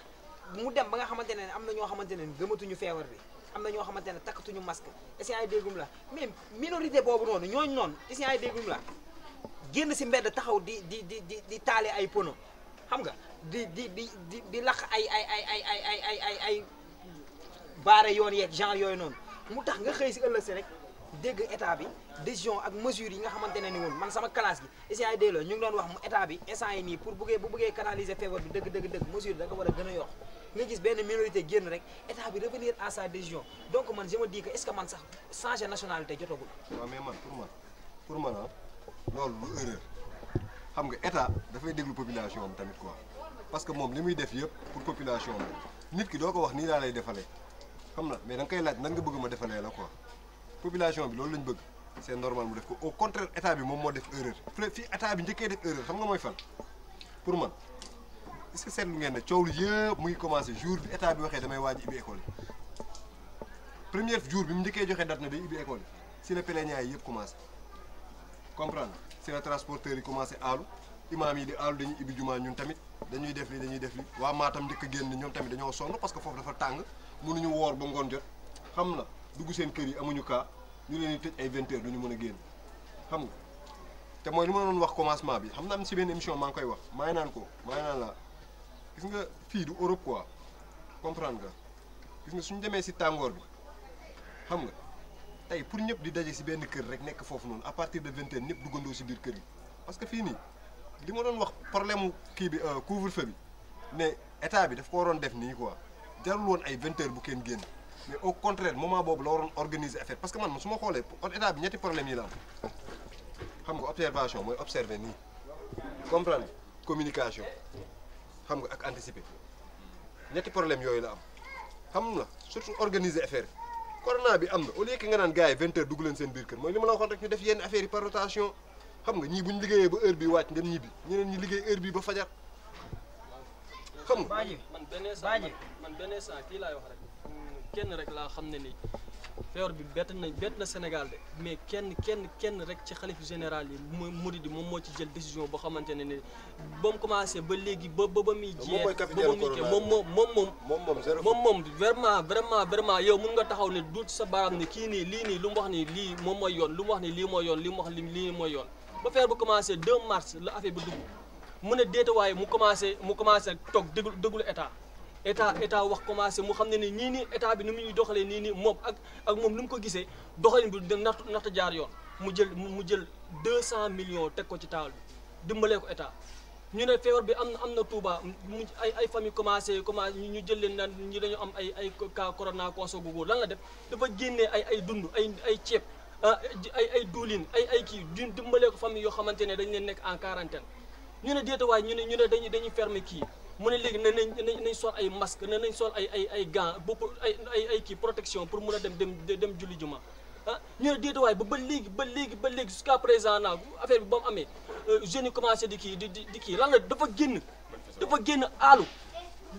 mu dem ba nga xamante ne am na ñoo xamante ne gëmatuñu feebar bi am na ñoo xamante ne takkatuñu masque est-ce ay déggum la mais minorité boobu noonu ñooñu noonu est-ce ay déggum la génn si mbedd taxaw di di di di di taale ay pono xam nga di di di di di lax ay ay ay ay ay ay ay ay. baare yoon yeeg genre yooyu noonu mu tax nga xëy si ëllëg si rek dégg état bi décision ak mesure yi nga xamante ne ni woon man sama classe gi essant yi ngi doon wax mu état bi instant yi nii pour buggee bu buggee canaliser feebar bi dëgg dëgg dëgg mesure da a gën a yokk nga gis benn minorité génn rek état bi revenir à sa donc man je me est man sax changer nationalité jotagul waaw man pour man pour man ah, loolu lu erreur xam nga état dafay déglu population am tamit quoi parce que moom li muy def yëpp pour population am nit ki doo ko wax nii laa lay defalee xam na mais da nga laaj nan nga bëgg ma defalee la quoi population bi loolu lañ bëgg c'est normal mu def ko au contraire état bi moom moo def erreur. fii état bi njëkkee def erreur xam nga mooy fan pour man est-ce que seetlu ngeen ne coow lu yëpp mu ngi commencé jour bi état bi waxee damay waaj ibbi école yi premier jour bi mu njëkkee joxe date na bi ibbi école yi si la plaignants yi yëpp commencé comprendre si la transporteurs yi commencé aalu imaam yi di aalu dañuy ibbi jumaa ñun tamit dañuy def li dañuy def waa Matam njëkk génn ñoom tamit dañoo sonn parce que foofu dafa tàng. mënuñu woor ba ngoon jot xam na dugg seen kër yi amuñu kaa ñu leen di tëj ay vingt heures duñu mën a génn xam nga te mooy li ma doon wax commencement bi xam na am si benn émission maa ngi koy wax maa naan ko maa naan la gis nga fii du Europe quoi comprendre nga gis nga suñu demee si tàngoor bi xam nga tey pour ñëpp di daje si benn kër rek nekk foofu noonu à partir de vingt ñëpp duggandoo si biir kër yi parce que fii nii li ma doon wax problème kii bi euh, couvre-feu bi état bi daf ko waroon def nii quoi. jarul woon ay vingt heures bu kenn génn mais au contraire moment boobu la waroon organiser affaire parce que man su ma xoolee état bi ñetti problème yi la am xam nga observation mooy observer nii communication xam surtout organiser affaire bi bi am na au lieu que nga naan gars yi vingt heures dugg leen seen biir kër mooy li ma la waxoon rek ñu def yenn affaire yi par rotation xam nga ñii bu ñu liggéeyee ba heure bi wàcc dem ñibbi ñeneen ñi liggéey heure bi ba fajar xam nga. man benn saa man benn saa kii laay wax rek mm, kenn rek laa xam ne nii feebar bi bett na bett na Sénégal de mais kenn kenn kenn rek ci xalif général yi mooy Mouride moom moo ci jël décision boo xamante ne ni ba mu commencé ba léegi ba ba ba muy jeex ba ba muy kii moom moom moom moom moom moom vraiment vraiment vraiment yow mun nga taxaw ne duut sa baaraam ne kii nii lii nii lu mu wax nii lii moom mooy yoon lu mu wax nii lii mooy yoon li mu wax lii mooy yoon ba feebar bu commencé 2 mars la affaire bi dugg mu ne déeta waaye mu commencé mu commencé toog déglu déglu état état état wax commencé mu xam ne ne nii nii état bi nu mu ñuy doxalee nii nii moom ak ak moom nu mu ko gisee doxalin bi du natt natt jaar yoon mu jël mu jël deux cent millions teg ko ci taal bi dimbalee ko état ñu ne feebar bi am na am na Touba mu ay ay famille commencé commencé ñu jël leen naan ñi dañu am ay ay cas corona conso googu lan la def dafa génnee ay ay dund ay ay ceeb ah, ay ay duulin ay ay kii dimbalee ko famille yoo xamante ne dañ leen nekk en quarantaine ñu ne déeta waay ñu ne ñu ne dañuy dañuy fermer kii mu ne léegi na nañ nañ sol ay masque na nañ sol ay ay ay gants bopp ay ay kii protection pour mun a dem dem dem julli juma ah ñu ne déeta waay ba ba léegi ba léegi ba léegi jusqu'à présent naa affaire bi ba mu amee euh, jeunes yi commencé di kii di di kii lan dafa génn dafa génn aalu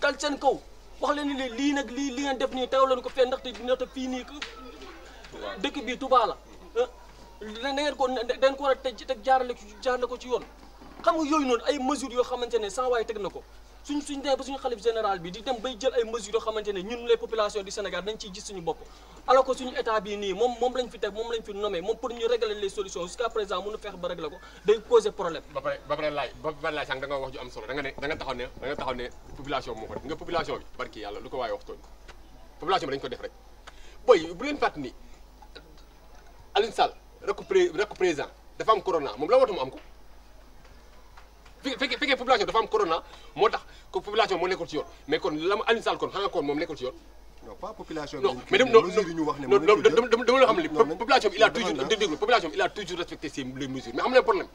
dal seen kaw wax leen ni lii nag lii li ngeen def nii teew leen ko fee ndaxte ndaxte fii nii dëkk bii Touba la da ah, ngeen ko da ngeen ko war a teg jaarale ko ci yoon xam nga yooyu noonu ay mesures yoo xamante ne sans waaye teg na ko suñ suñ demee ba suñu xalif bi di dem bay jël ay mesures yoo xamante ne ñun les populations du Sénégal dañ ciy gis suñu bopp alors que suñu état bii nii moom moom lañ fi teg moom lañ fi nommé moom pour ñu régler les solutions jusqu'à présent mënu feex ba régler ko day causer problème ba pare ba pare laaj wax ju am solo da taxaw ne da nga nga population bi barki yàlla lu ko waaye ko fekkee fekkee population dafa am corona moo tax population moo nekkul ci yoon mais kon la ma Alioune Sall kon xanaa kon moom nekkul ci yoon. non pas population bi. non mais dem non non non dama la xam ne population bi il a toujours déglu population bi il a toujours respecté ses les mesures mais am na problème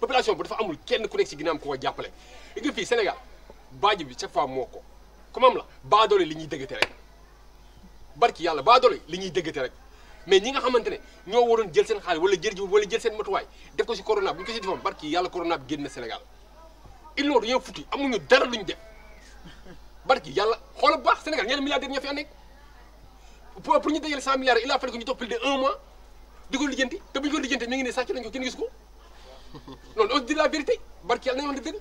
population bi dafa amul kenn ku nekk si ginnaawam ku ko jàppale. léegi fii Sénégal baaji bi chaque fois moo ko comme am la baadoole li ñuy dëggate rek barki yàlla baadoole li ñuy dëggate rek mais ñi nga xamante ne ñoo waroon jël seen xaalis wala jël wala jël seen matuwaay def ko si corona bu ñu ko si defoon barki yàlla corona bi génn na Sénégal ils n'ont rien foutu amuñu dara luñ def barki yàlla xoolal bu baax Sénégal ñenn milliardaires ñoo fi ànd ak pour pour ñu dajale cent milliards il a fallu que ñu toog plus de un mois di ko lijjanti te bu ñu ko ngi ne sàcc nañ ko kenn gis ko loolu on dit la vérité barki yàlla nañu wax dëgg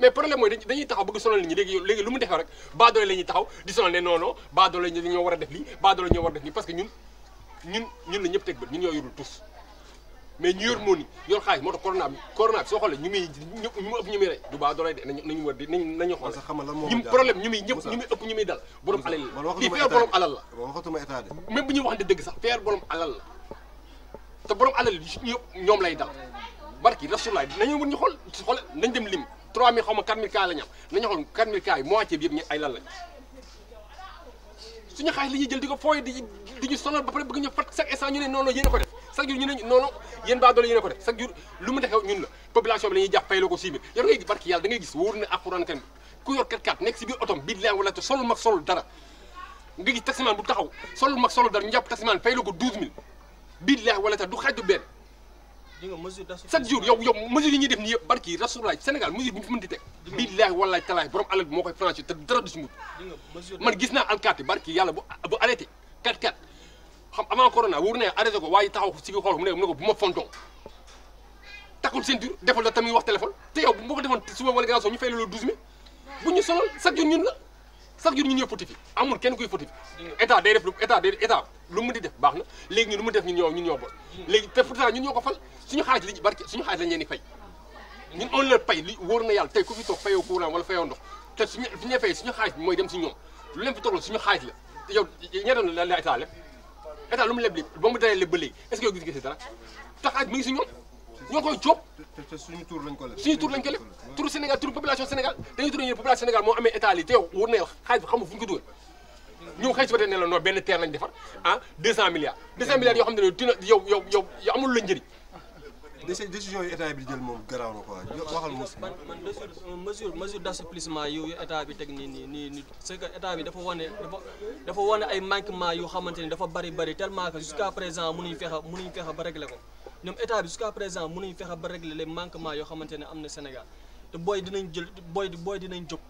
mais problème mooy dañuy taxaw bëgg sonal nit ñi léegi lu mu defee rek baadoole la ñuy taxaw di sonal ne non ñoo war a def lii baadoole ñoo war a def lii parce que ñun ñun ñun la ñëpp teg bët ñun ñoo yorul tous mais ñu yor moon yi yor xaalis moo tax corona soo xoolee ñu mu ëpp ñu muy ëpp ñu muy dal borom alal la fii feer borom alal la te borom alal ñoom lay dal barki rasulaay nañu wër ñu xool xool nañ dem lim 3000 xaw ma 4000 cas la ñu am nañu xool 4000 cas yi bi yëpp ñu ay lan lañ suñu xaalis li ñuy jël di ko fooy di ñu sonal ba pare bëgg ñu fat chaque instant ñu ne noonu yéen ko def chaque jour ñu ne noonu yéen baa doole yéen ko def chaque jour lu mu xew ñun la population bi la ñuy jàpp fay la ko siibir yow ngay yor nga gis taximaan bu taxaw solul mag solul du xaj du benn chaque yow yow mesure yi ñuy def nii barki rasulaay Sénégal mesure bu ñu fi mën di teg borom alal bi moo koy dara du man gis naa alkaati barki yàlla bu bu arrêté xam avant corona wóor na arrêté ko waaye taxaw si xool mu ne mu ne ko bu ma fonton takkul seen dur la tamit wax téléphone te yow bu ma defoon ñu fay ñu sonal chaque ñun la chaque jour ñun ñoo fautif amul kenn kuy fautif état day def lu état day état lu mu di na léegi ñun lu def ñun ñoo ñun ñoo bon léegi te pourtant ñun ñoo ko fal suñu xaalis li barke suñu xaalis lañ leen di fay ñun on leur pay li wóor na yàlla tey ku fi toog fayoo courant wala fayoo ndox te suñu fi ñu suñu xaalis mooy dem si ñoom lu leen fi toogal suñu xaalis la yow ñedoon la état état lu mu leb lépp ba mu dalee leb ba léegi est gis-gis ñoom ko leb suñu tur lañ ko leb turu Sénégal turu population Sénégal dañuy tur ñun Sénégal moo amee état lii te yow wóor na yow xaalis bi xamul ñu ko dugal ñëw xëy si ba la non benn terre lañ defar ah 200 milliards 200 milliards yoo xam ne dina yow yow yow amul la njëriñ décision yu état bi jël moom garaaw na quoi waxal mos. mesure mesure d'assouplissement yu état bi teg nii nii nii nii que état bi dafa wane dafa wane ay manquement yu xamante ni dafa bari bari tellement que jusqu'à présent mënuñ fexe mënuñ fexe ba régler ko ñoom état bi jusqu'à présent mënuñ fexe ba régler les manquements yoo xamante ne am na Sénégal te booy dinañ jël booy booy dinañ jóg.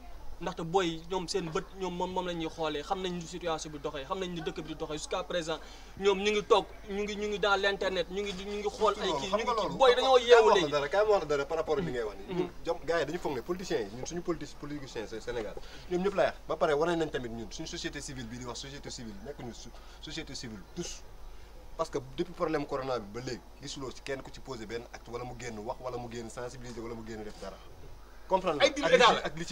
ndaxte booy ñoom seen bët ñoom moom moom la ñuy xoolee xam nañ situation bi doxee xam nañ ni dëkk bi di doxee jusqu'à présent ñoom ñu ngi toog ñu ngi ñu ngi dans l'internet ñu ngi xool ay kii ñu ngi booy dañoo yeewu léegi dara kaay ma wax dara par rapport ak li ngay wax ni jom mm-hmm. gars dañu foog ne politiciens yi ñun suñu politique politiciens ñoom ñëpp laa wax ba pare wane nañ tamit ñun suñu société civile bi di wax société civile nekk ñu société civile tous parce que depuis problème gisuloo ci kenn ku ci posé benn acte wala mu génn wax wala mu génn sensibiliser wala mu génn def dara comprendre ay dible daal ak li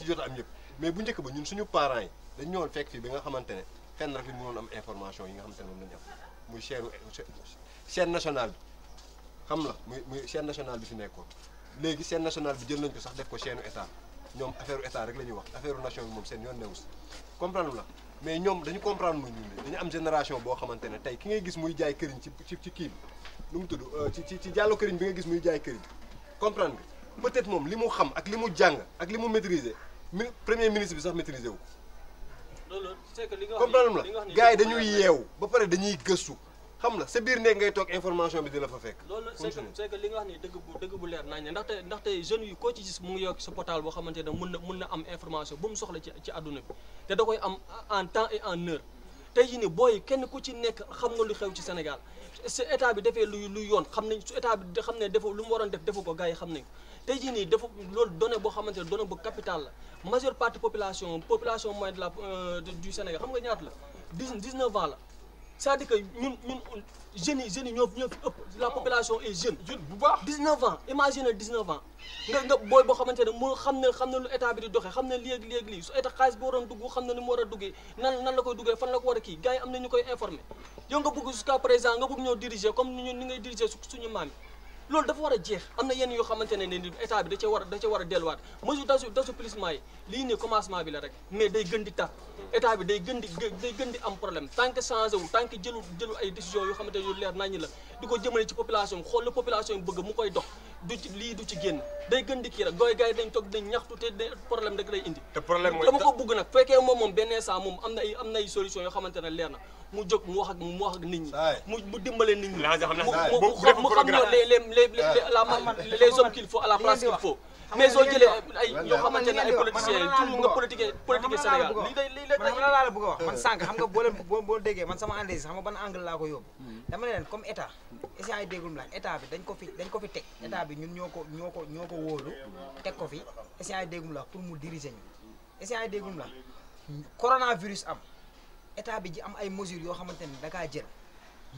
ci jot am yëpp mais bu njëkk ba ñun suñu parents yi dañ ñëwoon fekk fii bi nga xamante ne fenn rek la ñu mënoon am information yi nga xamante ne moom la ñu am muy chaîne chaîne xam la muy muy chaîne nationale bi fi nekkoon léegi chaîne nationale bi jël nañ ko sax def ko chaîne état ñoom affaire état rek la ñuy wax affaire nation moom seen yoon newu si comprendre la mais ñoom dañu comprendre mu dañu am génération boo xamante ne tey ki ngay gis muy jaay këriñ ci ci kii lu mu tudd euh, ci ci ci jàllo këriñ bi nga gis muy jaay këriñ comprendre nga peut-être moom li mu xam ak li mu jàng ak li mu maîtriser mi premier ministre bi sax maîtriser wu loolu c'est que li nga wax comprendre la gars yi dañuy yeew ba pare dañuy gëstu xam la sa biir néeg ngay toog information bi dina fa fekk loolu c'est li nga wax ni dëgg bu dëgg bu ndaxte ndaxte jeunes yi koo ci gis mu ngi yokk sa portable boo xamante ne mun na mun na am information bu mu soxla ci ci àdduna bi te da koy am en temps et en heure tey jii ni booy kenn ku ci nekk xam nga lu xew ci Sénégal su état bi defee luy luy yoon xam nañ su état xam ne defu lu mu waroon def defu ko gars yi xam nañ tey jii nii dafa loolu donnée boo xamante ne donnée bu capital la majeure partie population population moyenne de la euh, du Sénégal xam nga ñaata la dix dix neuf ans la c'est-à-dire que ñun ñun jeunes yi jeunes yi ñoo fi ëpp. la population est jeune. bu baax dix imagine dix nga nga booy boo xamante ne moo xam ne xam na lu état bi di doxee xam na léegi léegi lii su xaalis bi waroon dugg xam na ni mu war a duggee nan nan la koy duggee fan la ko war a kii gars am na ñu koy informer yow comme ni ñu ni ngay loolu dafa war a jeex am na yenn yoo xamante ne ni état bi da cee war a da cee war a delluwaat mesure d'assou d'assouplissement yi bi la rek mais day gën di tar état bi day gën di am problème tant que changé wu jëlu jëlu ay décisions yoo xamante ne yu leer nañu la di ko jëmale ci population xool la population yi bëgg mu koy dox du ci lii du ci génn day gën di kii rek gooy gars yi dañ toog dañ ñaxtu te problème rek lay indi dama ko bugg nag fekkee moom moom benn saa moom am na ay am na ay solution yoo xamante ne leer na mu jóg mu wax ak mu wax ak nit ñi mu mu dimbale nit ñi mu xam ñoo les les les les hommes qu'il faut à la place qu'il mais soo jëlee ay yoo xamante ne ay politiciens yi tout nga man laa a wax man sànq xam nga boo leen boo boo déggee man sama analyse xam nga ban angle laa ko yóbbu hmm. dañ ko fi dañ ko teg hmm. état ñun ñoo ko ñoo ko ñoo ko wóolu teg ko fi essient yi déggul pour mu diriger ñu essient yi déggul la coronavirus am état bi ji am ay mesures yoo xamante ne da kaa jël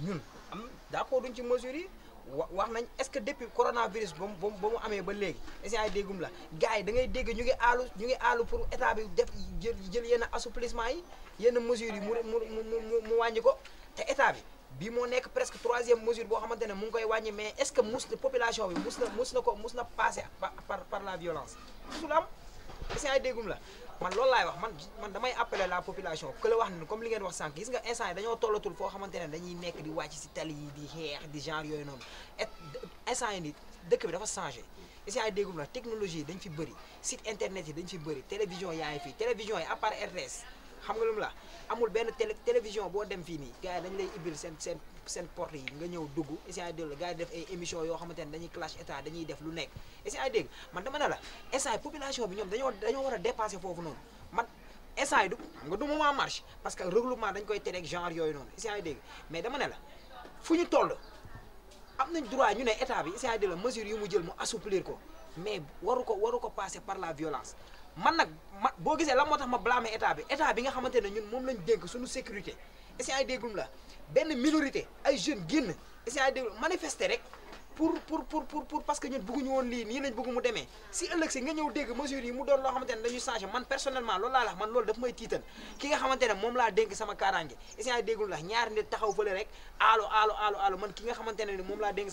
ñun am d'accord duñ ci mesures yi wa wax nañ est-ce que depuis coronavirus ba mu ba mu amee ba léegi essient ay déggum la gars yi da ngay dégg ñu ngi aalu ñu ngi aalu pour état bi def jël jël yenn assouplissement yi yenn mesures yi mu mu mu wàññi ko te état bi bii moo nekk presque troisième mesure boo xamante ne mu ngi koy wàññi mais est-ce que mus population bi mus na mus na ko mus na passer par par la violence su la am essient déggum la man loolu laay wax man man damay appeler la population que la wax ne comme li ngeen wax sànq gis nga instant yi dañoo tollatul foo xamante ne dañuy nekk di wàcc si tali yi di xeex di genre yooyu noonu et instant yi nit dëkk bi dafa changé instant yi déggum la technologie yi dañ fi bëri site internet yi dañ fi bëri télévision yaa ngi fi télévision yi à part RTS xam nga lu la amul benn télé télévision boo dem fii nii gars yi dañ lay ibbil seen seen seen porte yi nga ñëw dugg essayé déglu gars yi def ay émission yoo xamante ne dañuy clash état dañuy def lu nekk essayé dégg man dama ne la essayé population bi ñoom dañoo dañoo war a dépassé foofu noonu man essayé du xam nga du moment marche parce que regroupement dañ koy tere ak genre yooyu noonu essayé dégg mais dama ne la fu ñu toll am nañ droit ñu ne état bi essayé dégg la mesure yi mu jël mu assouplir ko mais waru ko waru ko passer par la violence man nag ma boo gisee la moo tax ma blâmer état bi état bi nga xamante ne ñun lañ dénk suñu sécurité est-ce que yaa ngi déggum la benn minorité ay jeunes génn est-ce que yaa ngi déggum manifester rek pour pour pour pour parce que ñun woon lii nii lañ bëgg mu demee si ëllëg si nga ñëw dégg mesures yi mu doon loo xamante ne dañu man personnellement loolu laa la man ki nga xamante moom laa dénk sama kaaraange essayé déggul la ñaari nit taxaw fële rek man ki nga xamante ne ni moom laa dénk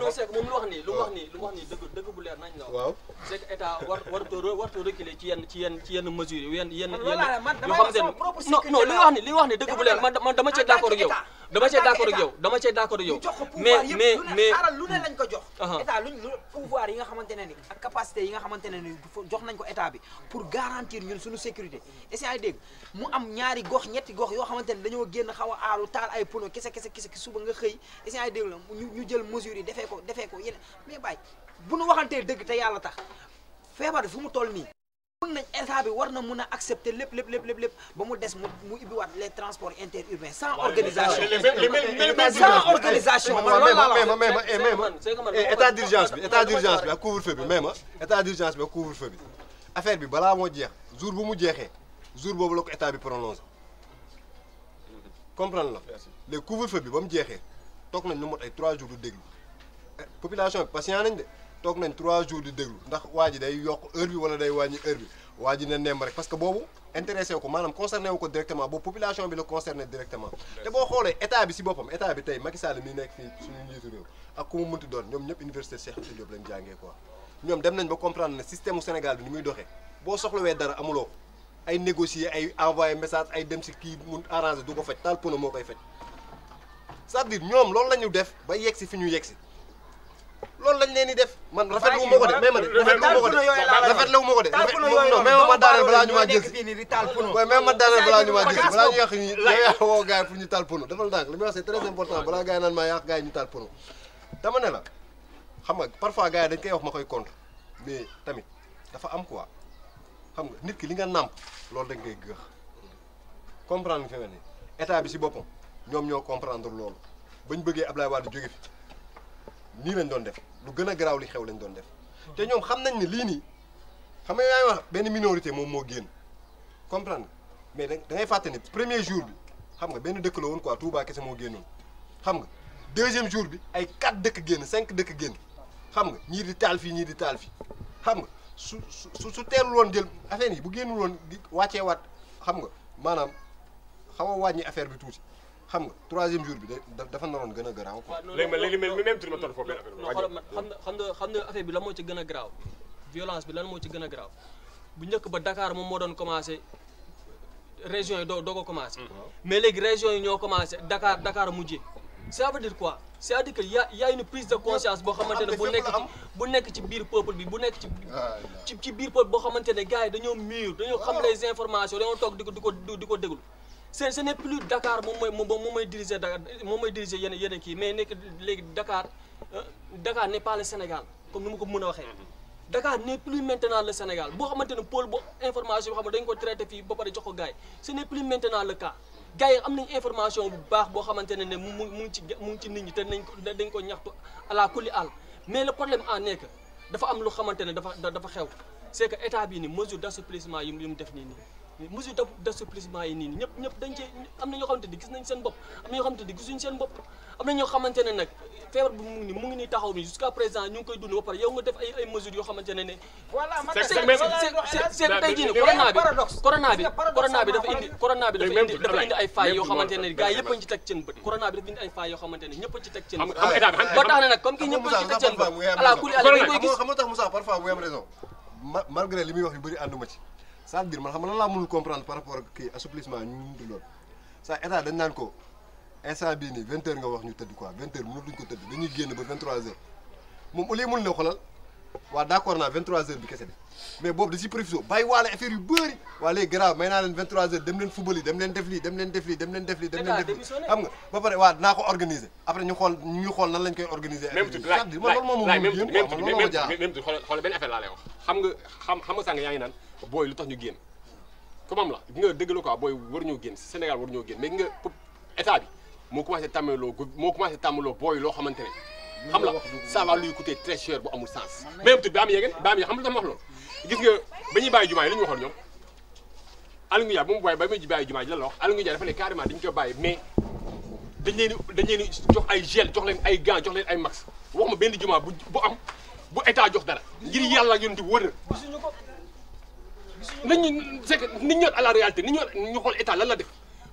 wax nii lu wax nii dëgg bu leer nañ la waaw c'est que état war warto warto reculer ci yenn ci yenn ci yenn mesures yi yenn yenn yenn yoo xamante ne wax ni li dama cee d'accord ak yow dama cee d'accord ak yow dama cee d'accord ak yow mais mais mais xaaral lu ne lañ ko jox état luñ lu pouvoir yi nga xamante ne ni ak capacité yi nga xamante ne ni jox nañ ko état bi pour garantir ñun suñu sécurité est-ce que ay dégg mu am ñaari gox ñetti gox yoo xamante ne dañoo génn xaw a aaru taal ay pono kese kese kese suba nga xëy est-ce que ay dégg la ñu jël mesures yi defee ko defee ko yeneen mais bàyyi bu nu waxantee dëgg te yàlla tax feebar fu mu toll nii jàpp nañ état bi war na mun a accepter lépp lépp lépp lépp lépp ba mu des mu mu ubbiwaat les transports interurbains sans organisation. sans organisation man loolu laa la mais mais état d'urgence bi état d'urgence bi ak couvre-feu bi mais ma bi ak couvre-feu bi affaire bi balaa moo jeex jour bu mu jeexee jour boobu la ko état bi prolongé comprendre la léegi couvre-feu bi ba mu jeexee toog nañ lu mot ay trois jours du déglu eh, population bi patient nañ de. toog nañ trois jours di déglu ndax waa ji day yokk heure bi wala day wàññi heure bi waa ji na nemm rek parce que boobu intéressé wu ko maanaam concerné wu ko directement boobu population bi la concerné directement te boo xoolee état bi si boppam état bi tey Macky Sall mi nekk fii suñu njiitu réew ak ku mu mënti doon ñoom ñëpp université Cheikh Anta dem nañ ba comprendre ne système u Sénégal bi ni muy doxee boo soxlawee dara amuloo ay négocier ay envoyé message ay dem si kii mu arrangé du ko faj taal pono moo koy faj cest à ñoom loolu la ñu def ba yegg si fi ñu yegg si loolu lañ leen di def man rafetlu wu ma ko de mais man rafetlu wu ma ko de non même ma daaneel balaa ñu maa jël balaa ñu maa jël si balaa ñu yàq ñu yàq woo gars yi pour ñu taal pono defal ndànk li may wax important balaa gars naan maa yàq gars ñu taal pono dama ne la xam nga parfois gars yi dañ koy wax ma koy contre mais tamit dafa am quoi xam nit ki li nga nàmp loolu dañ koy gëx comprendre nga fi état bi si boppam ñoom ñoo comprendre loolu bañ bëggee Ablaye Wade jóge fi lii leen doon def lu gën a garaaw li xew lañ doon def te ñoom xam nañ ne lii nii xam nga yaay wax benn minorité moom moo génn comprendre mais da ngay fàtte ni premier jour bi xam nga benn dëkk la woon quoi Touba kese moo génnoon xam nga deuxième jour bi ay quatre dëkk génn cinq dëkk génn xam nga ñii di taal fii ñii di taal fii xam nga su su su teelul woon jël affaire yi bu génnul loon di wàccee waat xam nga maanaam xaw a wàññi affaire bi tuuti. xam nga troisième jour bi dafa naroon gën a garaaw quoi. léegi man léegi man même tur ma toll foofu xam nga xam bi lan moo gën a garaaw violence bi lan moo gën a garaaw bu njëkk ba Dakar moom moo doon commencé région yi doo doo ko commencé. Mm-hmm. mais léegi région yi ñoo commencé Dakar Dakar mujjee. ça veut dire quoi c'est-à-dire y y a une prise de conscience boo xamante ne bu nekk ci bu nekk ci biir peuple bi bu nekk ci ci ci biir peuple boo xamante ne gars yi dañoo mûr dañoo xam ah. les informations dañoo toog di ko di ko di ko déglu ce ce n'est plus Dakar moom mooy moom mooy diriger Dakar moom mooy diriger yenn yenn kii mais nekk léegi Dakar euh, Dakar n'est pas le Sénégal comme ni ma ko mën a waxee. Dakar n'est plus maintenant le Sénégal boo xamante ne pôle bo information boo xam ne ko traité fii ba pare jox ko gars yi ce n'est plus maintenant le cas gars am nañ information bu baax boo xamante ne ne mu mu ngi ci mu ngi ci nit ñi te nañ ko dañ ko ñaxtu à la kulli àll mais le problème en est dafa am lu xamante ne dafa dafa xew c'est que état bii nii mu def nii nii. mesure d'assouplissement yi nii ñëpp dañ cee am na ñoo xamante ne nag feebar bi mu ngi ni mu ngi ni taxaw présent ñu koy dund ba pare yow nga def ay ay mesures yoo ne ne seen tey jii ni dafa indi ay failles yoo xamante ne gars yëpp a ci teg seen dafa indi ay failles yoo xamante ne ñëpp a ci teg ba tax na nag comme que ñëpp a ci teg seen bët ala kuli ala koy gis xam nga tax Moussa parfois mu am raison malgré li muy wax yu bëri ça veut dire man xam nga lan laa mënul comprendre par rapport ak kii assouplissement ñu mënti lool saa état dañ naan ko instant bii nii vingt heures nga wax ñu tëdd quoi vingt heures mënul duñ ko tëdd dañuy génn ba vingt trois heures moom au mun la xoolal waa d' accord naa vingt trois heures bi kese de mais boobu da si profité bàyyi waale affaire yu bëri waa léegi garaaw may naa leen vingt trois heures dem leen football yi leen def lii dem leen def lii dem leen def lii dem leen def xam nga ba yaa ngi naan booy lu tax ñu génn comme am la nga dëgg la quoi booy war ñoo génn Sénégal war ñoo génn mais nga état bi moo commencé tàmmaloo moo commencé tàmmaloo booy loo xamante ne xam la ça va lui coûter très cher bu amul sens même tout ba am yeegeen ba am yeeg xam lu tax ma wax loolu gis nga ba ñuy bàyyi jumaa yi li ñu waxoon ñoom ba mu waaye ba muy bàyyi jumaa ji la la wax Aliou Ndiaye dafa ne carrément dañu ko bàyyi mais dañ leen jox ay gel jox leen ay gan jox leen ay max wax ma benn jumaa bu bu am bu état jox dara ngir yàlla ak yonent bi wër na nañu c'est que ni ñëw à la réalité ni ñëw ñu xool état la def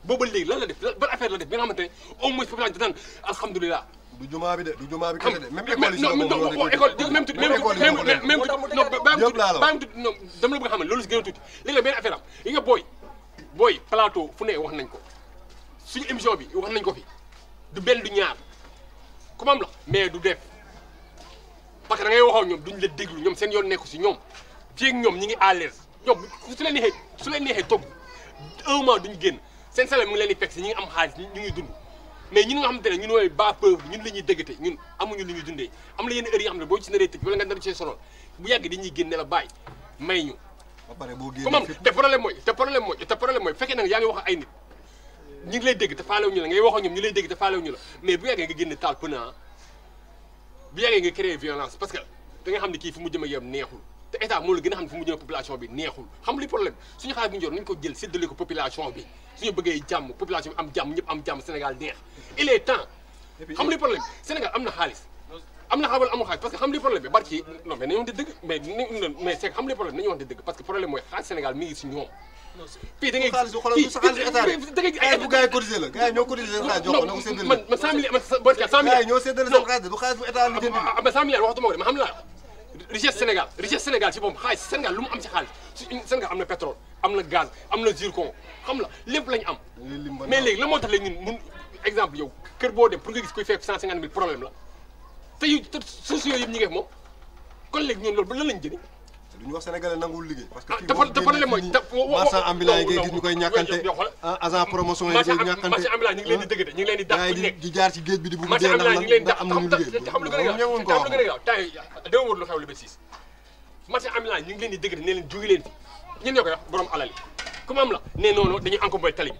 booba léegi lan la def ban affaire la def bi nga xamante ne au moins population dinaan alhamdulilah du jumaa de du jumaa bi kese de même école yi a xam ne loolu si gën a tuuti léegi nag benn affaire am yi nga booy booy plateau fu ne wax nañ ko suñu émission bi wax nañ ko fi du benn du ñaar comme la mais du def parce que da waxoon ñoom duñ la déglu ñoom seen yoon nekku si ñoom fii ak ñoom ñi ngi à l'aise ñoom su leen neexee su leen neexee toog un mois duñu génn seen salaire mu ngi leen di fekk si ngi am xaalis ñu ngi dund mais ñun nga xamante ne ñun wooy bas peuple ñun la amuñu lu ñuy dundee am la yenn heure yi xam ne boo ci naree tëj wala nga nar cee sonal bu ñu comme te problème mooy te problème mooy te problème mooy fekkee yaa ngi wax ñu ngi lay dégg te faalew ñu la ngay wax ak ñoom ñu lay dégg te faalew ñu la mais bu yàggee nga génn taal pëna ah, bu yàggee nga créer violence parce que da nga xam ne kii fu mu jëm ak yow neexul te état moo gën a xam ne fu mu jëlee population bi neexul xam li problème suñu xaalis bi ko jël séddale ko population bi suñu bëggee bi am jàmm ñëpp neex il est temps xam li problème Sénégal am na xaalis am na xaalis parce que xam li problème bi barki non mais nañu wax dëgg mais mais c'est mi si ñoom fii da ngay xaalis xoolal du sa xaalis état bi bu gars yi cotisé la gars yi ñoo cotisé sa xaalis jox ko de ma xam laa richesse Sénégal richesse Sénégal ci boppam xaalis Sénégal lu mu am ci xaalis Sénégal am na pétrole am na gaz am na zircon xam la lépp lañ am. mais léegi la moo tax léegi ñun mun exemple yow kër boo dem pour nga gis koy fekk cent cinquante mille problème la te yu te sociaux yëpp ñu ngi def moom kon léegi ñun loolu ba lan lañ jëriñ. te lu ñu wax sénégalais nanguwul liggéey. parce que ah, fii moom génne fii nii marchand ambulant yi ngay gis ñu koy ñàkkante agent promotion yi ngay ñàkkante. marchand ambulant ñu ngi leen di dëgg de ñu ngi leen di dàq bu nekk di jaar ci géej bi di bugg dee ndax ndax am nañu liggéey loolu ñëwoon ko wax xam lu gën a gaaw temps yi dama wër lu xew li ba siis marchand ambulant ñu ngi leen di dëgg de ne leen jóge leen fi ñun ñoo koy wax borom alal yi comme am la ne noonu dañuy encombré tali bi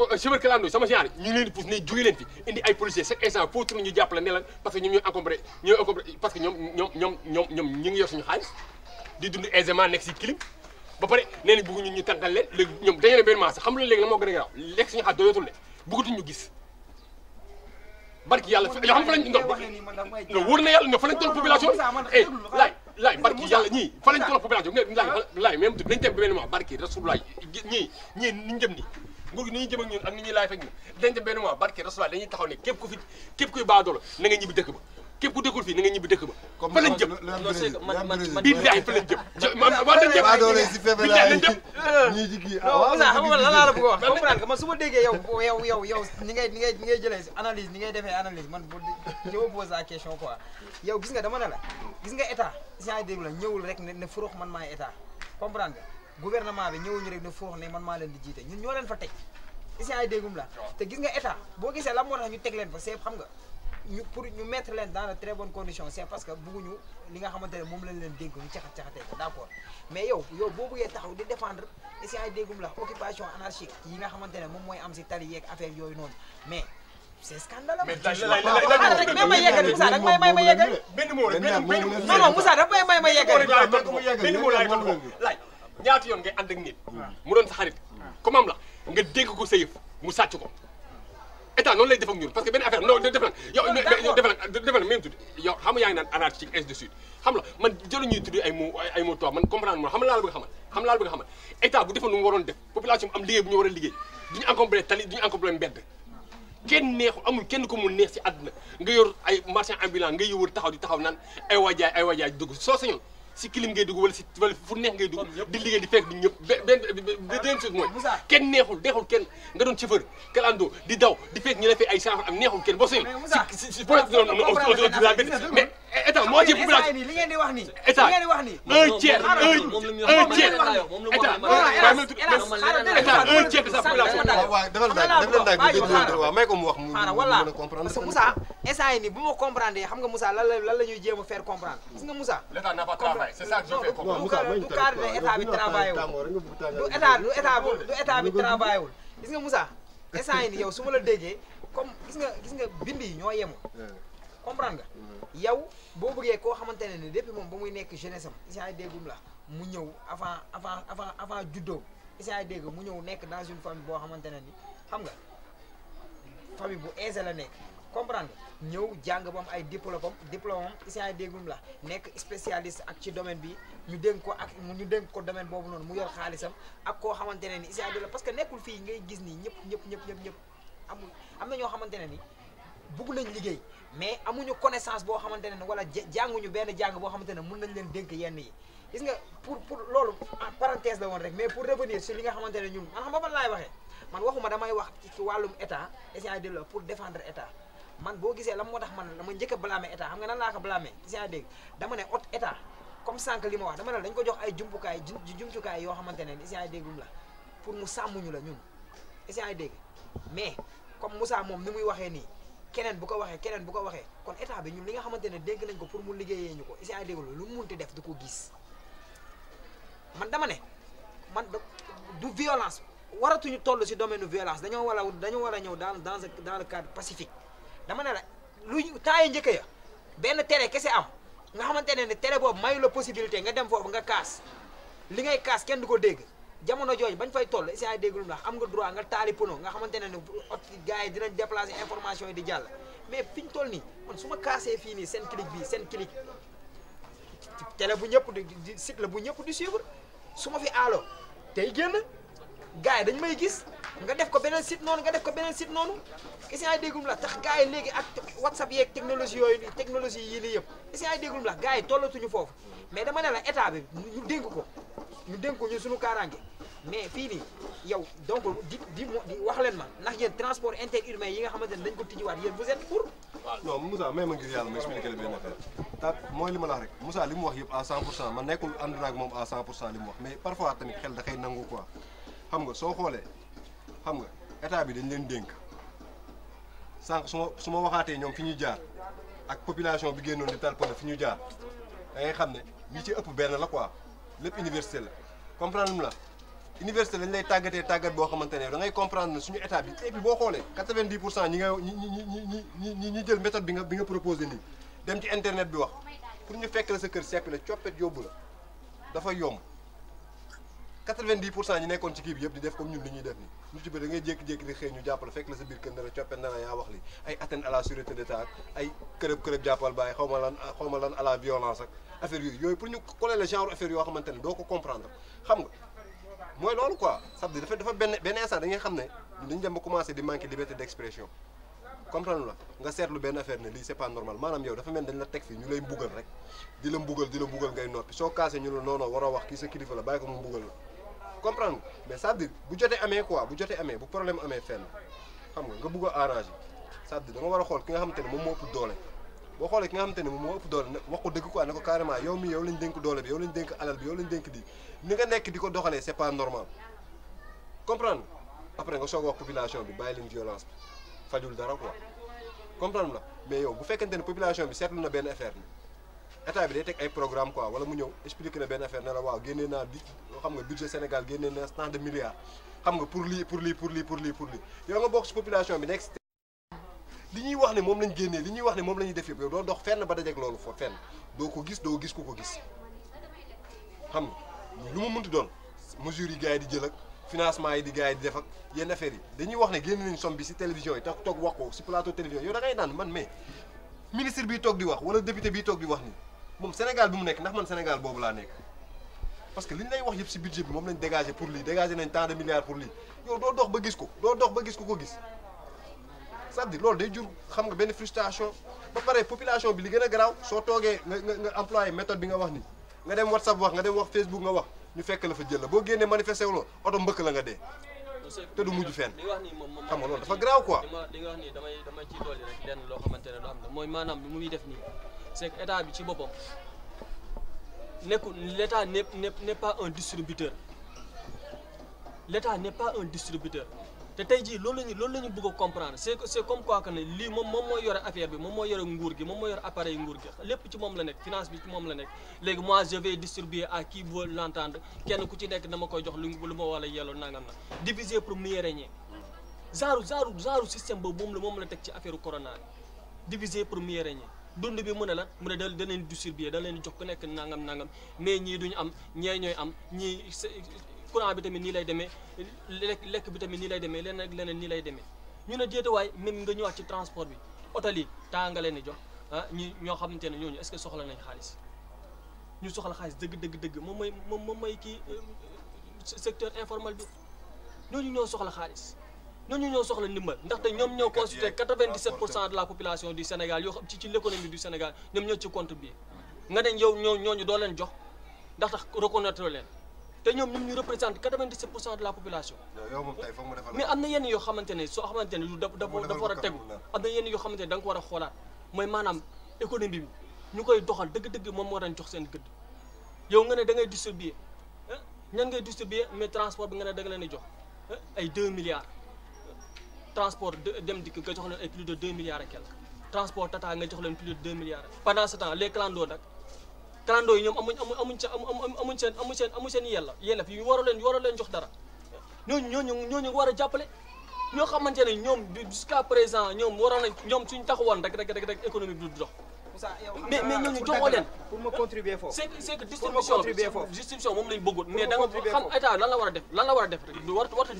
euh, chauffeur clando sama genre ñu ngi leen di pousse ne jóge leen fi indi ay policiers chaque instant pour ñu jàppale ne la parce que ñoom ñooy encombré ñooy encombré parce que ñoom ñoom ñoom ñoom ñoom ñu ngi yor suñu xaalis di dund aisément nekk si clim ba pare nee nañ bëgguñu ñu tànqal leen léegi ñoom dañu ne benn maas xam nga léegi la moo gën a lekk suñu xaar doyatul ne bëggatuñu gis barki yàlla yoo xam fa lañ ndox nga wóor na yàlla nga fa lañ toll population eh laay laay barki yàlla ñii fa lañ toll population laay benn mois barki rasulaay ñii ñii ni ñu jëm nii nguur gi ni jëm ak ni ñuy laay fekk ñun dañ benn mois barki rasulaay dañuy taxaw ne képp ku fi képp kuy baadoola na nga ñibbi dëkk ba képp ku dëkkul fii na nga ñibbi dëkk ba. fa lañ jëm man man man bii daay fa lañ jëm. man man lañ jëm bii kii la bëgg a wax comprendre nga man su ma déggee yow yow yow yow ni man bu je me gis nga dama ne la gis nga état saa déglu la ñëwul rek ne ne furux man maay état comprendre nga gouvernement bi ñëwuñu rek ne furux ne man maa leen di jiite ñun ñoo leen fa teg. gis nga ay déggum la te gis nga état boo gisee la moo ñu teg leen fa seeb xam nga ñu pour ñu mettre leen dans de très bonnes conditions c'est parce que bëgguñu li nga xamante ne moom lañ leen dénk ñu caxat caxatee ko d'accord mais yow yow boo bëggee taxaw di défendre essayant déggum la occupation anarchique yi nga xamante ne moom mooy am si tali yeeg yooyu noonu mais c'est scandaleux. mais tànn la rek mais may may ma yeggali. benn moo rek benn benn non may may ma yeggali. benn moo laay tontu ko laaj ñaata yoon ngay mu doon sa xarit. comme am la nga dégg ko sa yëf ko état noonu lay def ak ñun parce que benn affaire non def na yow def na def na même tudd yow xam nga yaa ngi naan anarchique ainsi de suite xam la man jëlu ñuy tudd ay mots ay mots tubaab man comprendre mo xam laa la bëgg xamal xam laa la bëgg xamal état bu defoon lu mu def population am liggéey bu ñu a liggéey duñu encombré tali duñu encombré mbedd kenn kenn neex si àdduna nga yor ay marchand ambulant nga yëwër taxaw di taxaw naan ay waajaay ay soo sañoon si kilim ngay dugg wala si wala fu neex ngay dugg di liggéey di fekk bi ñëpp benn benn chose mooy kenn neexul deexul kenn nga doon chauffeur kalando di daw di fekk ñu ay saafara am neexul kenn boo sooy si si si politique am na mais état moo ci population li ngeen di wax nii état li ngeen di wax nii un tiers un tiers état un tiers de sa population waaw defal daal waaw may ko mu wax mu mën a comprendre Moussa instant yi nii bu ma comprendre xam nga Moussa lan la lan la ñuy jéem a faire comprendre gis nga Moussa l'état n'a pas travaillé c'est ça que je fais comprendre du cadre état bi travaillé wul du état du état du état bi travaillé wul gis nga Moussa instant yi nii yow su ma la déggee comme gis nga gis nga bind yi ñoo yemu comprendre nga yow boo bëggee koo xamante ne ni depuis moom ba muy nekk jeunesse am isaan déggum la mu ñëw avant avant avant avant juddoo isaan dégg mu ñëw nekk dans une famille boo xamante ne ni xam nga famille bu aisée la nekk comprendre ñëw jàng ba ay diplôme am diplôme am isaan déggum la nekk spécialiste ak ci domaine bi ñu dénk ko ak ñu dénk ko domaine boobu noonu mu yor xaalisam ak koo xamante ne ni isaan déggum la parce que nekkul fii ngay gis nii ñëpp ñëpp ñëpp ñëpp ñëpp amul am na ñoo xamante ne ni. bugg nañ liggéey mais amuñu connaissance boo xamante ne wala jànguñu benn jàng boo xamante ne mun nañ leen dénk yenn yi nga pour pour loolu en parenthèse la woon rek mais pour revenir sur li nga xamante ne ñun man xam waxee man waxuma damay wax ci wàllum état essayé de pour défendre état man boo gisee la moo tax man dama njëkk a blâmer état xam nga nan laa ko blâmer essayé dégg dama ne ot état comme sànq li ma wax dama ne dañ ko jox ay jumtukaay jumtukaay yoo xamante ne essayé déggum la pour mu sàmmuñu la ñun essayé dégg mais comme Moussa moom ni muy waxee nii keneen bu ko waxee keneen bu ko waxee kon état bi ñun li nga xamante ne dégg nañ ko pour mu liggéeyee ñu ko si ay déglu lu mu munti def du ko gis man dama ne man du violence waratuñu toll si domaine violence dañoo war a dañoo war a ñëw dans dans dans le cadre pacifique dama ne la lu temps yi njëkk benn tere kese am nga xamante ne ne tere boobu mayu la possibilité nga dem foofu nga kaas li ngay kaas kenn du ko dégg. jamono jooju bañ fay toll isient déggulum la am nga droit nga taali pono nga xamante ne ne ot gars yi dinañ déplacer information yi di jàll mais fi ñu toll nii man su ma kaasee fii nii seen clic bii seen clic télé bu ñëpp di site la bu ñëpp di suivre su ma fi aalo tey génn gars yi dañ may gis nga def ko beneen site noonu nga def ko beneen site noonu gis nga ay déggum la tax gars yi léegi ak whatsapp yeeg technologie yooyu technologie yii nii yëpp gis nga ay déggum la gars yi tollatuñu foofu mais dama ne la état bi ñu dénk ko ñu dénk ko ñu suñu kaaraange fii nii yow donc di di wax leen ma ndax yéen nga xamante ne dañ ko tijjiwaat yéen vous êtes pour. waaw non Moussa may ma ngir ma expliqué la benn affaire ta mooy li ma la wax rek Moussa li mu wax mais parfois tamit xel da koy nangu quoi xam nga soo xoolee xam nga état bi dañ leen dénk sànq su ma su ma waxaatee ñoom fi ñu jaar ak population bi génnoon di talpone fi ñu jaar da ngay xam ne ñi ci ëpp benn la quoi lépp université la comprendre mu la université lañ lay tàggatee tàggat boo xamante ne da ngay comprendre ne suñu état bi et puis boo xoolee quatre-vingt-dix pour cent ñi nga ñi ñi ñi ñi ñi ñi jël méthode bi nga bi nga proposé nii dem ci internet bi wax pour ñu fekk la sa kër seppi la coppet yóbbu la dafa yomb quatre-vingt-dix pour cent ñi nekkoon ci kii bi yëpp di def comme ñun li ñuy def ni ñu ci bëri da ngay jékki-jékki di xëy ñu jàppale fekk la sa biir kër ne la comprendre xam nga mooy loolu quoi sabdi dafa dafa benn instant da xam ne dañu dem ba commencé di manquer liberté d'expression comprendre la nga seetlu benn affaire ne lii c'est pas normal maanaam yow dafa mel dañ la teg fii ñu lay mbugal rek di la mbugal di la mbugal ngay noppi soo kaasee ñu comprendre mais ça bu jotee amee quoi bu jotee amee bu problème amee fenn xam nga nga bugg a arranger ça da nga war a xool ki nga xamante ne moom moo ëpp doole boo xoolee ki nga xamante ne moom moo ëpp doole na wax ko dëgg quoi ne ko carrément yow mi yow lañ dénk doole bi yow lañ dénk alal bi yow lañ dénk di ni nga nekk di ko doxalee c'est pas normal comprendre après nga soogoo wax population bi bàyyi leen violence bi fajul dara quoi comprendre la mais yow bu fekkente ne population bi seetlu na benn affaire ni état bi day teg ay programme quoi wala mu ñëw expliqué la benn affaire ne la waaw génnee naa di xam nga budget Sénégal génnee naa tant de milliards xam nga pour lii pour lii pour lii pour lii pour lii yow nga bokk ci population bi nekk li ñuy wax ne moom lañ génnee li ñuy wax ne moom la ñuy def yëpp yow doo dox fenn ba dajeeg loolu foofu fenn doo ko gis doo gis ku ko gis xam nga lu mu munti doon mesures yi gars yi di jël ak financement yi di gars yi di def yi dañuy wax ne génn nañ somme bi ci télévision yi toog toog wax ko ci plateau télévision yow da naan man mais ministre bi toog di wax wala député bi toog di wax nii moom Sénégal bi mu nekk ndax man Sénégal boobu laa nekk parce que li ñu lay wax yëpp si budget bi moom lañ dégagé pour lii dégagé nañ tant de milliards pour lii yow doo dox ba gis ko doo dox ba gis ko ko gis sa di dire loolu day jur xam nga benn frustration ba pare population bi li gën a garaaw soo toogee nga nga nga employé méthode bi nga wax ni nga dem WhatsApp wax nga dem wax Facebook nga wax ñu fekk la fa jël la boo génnee manifesté wu la oto mbëkk la nga dee te du mujj fenn xam nga loolu dafa garaaw quoi. loo xamante ne am la mooy maanaam lu muy def nii. c'est que état bi ci boppam nekkul l'état n'est n'est pas un distributeur l'état n'est pas un distributeur te tey jii loolu lañu loolu la bugg bëgg a comprendre c'est c'est comme quoi que ne lii moom moom mooy yore affaire bi moom mooy yore nguur gi moom mooy yore appareil nguur gi lépp ci moom la nekk finance bi ci moom la nekk léegi moi je vais distribuer à qui veut l'entendre kenn ku ci nekk dama koy jox lu lu ma wala yelloo nangam na diviser pour mieux régner genre genre genre système boobu moom la moom la teg ci affaire corona diviser pour mieux régner dund bi mu ne la mu ne da da leen distribuer da leen jox ku nekk nangam nangam mais ñii duñu am ñee ñooy am ñii courant bi tamit nii lay demee lekk lekk bi tamit nii lay demee leneen ak leneen nii lay demee ñu ne déetewaay même nga ñëwaat ci transport bi otel lii temps nga leen di jox ah ñi ñoo xamante ne ñooñu est que soxla nañ xaalis ñu soxla xaalis dëgg dëgg dëgg moom may moom may kii euh, secteur informal bi ñooñu ñoo soxla xaalis. ñooñu ñoo soxla ndimbal ndaxte ñoom ñoo constitué de la population du Sénégal yoo ci ci du Sénégal ñoom ñoo ci contribué nga ne yow ñoo ñooñu doo leen jox ndax tax leen te ñoom ñun ñu représente 97 pour de la population. mais am na yenn yoo xamante ne soo xamante lu dafa dafa war a tegu am na yenn yoo xamante ne da nga ko war a xoolaat mooy maanaam économie bi ñu koy doxal dëgg-dëgg moom moo doon jox seen gëdd yow nga ne da ngay distribuer ñan nga ne leen di jox ay 2 transport dem dikk nga jox leen ay plus de deux milliards et quelque transport tata nga jox leen plus de deux milliards pendant ce temps les clando nag clando yi ñoom amuñ amuñ amuñ ca seen amuñ seen amuñ seen yella yella fi waroo leen waroo leen jox dara ñooñu ñooñu ñooñu war a jàppale ñoo xamante ne ñoom jusqu'à présent ñoom waroon nañ ñoom suñ taxawoon rek rek rek économique du dox mais mais ñooñu joxoo leen. pour ma moom lañ bëggoon. mais da xam état lan la war a def lan la war a def war warut a ah.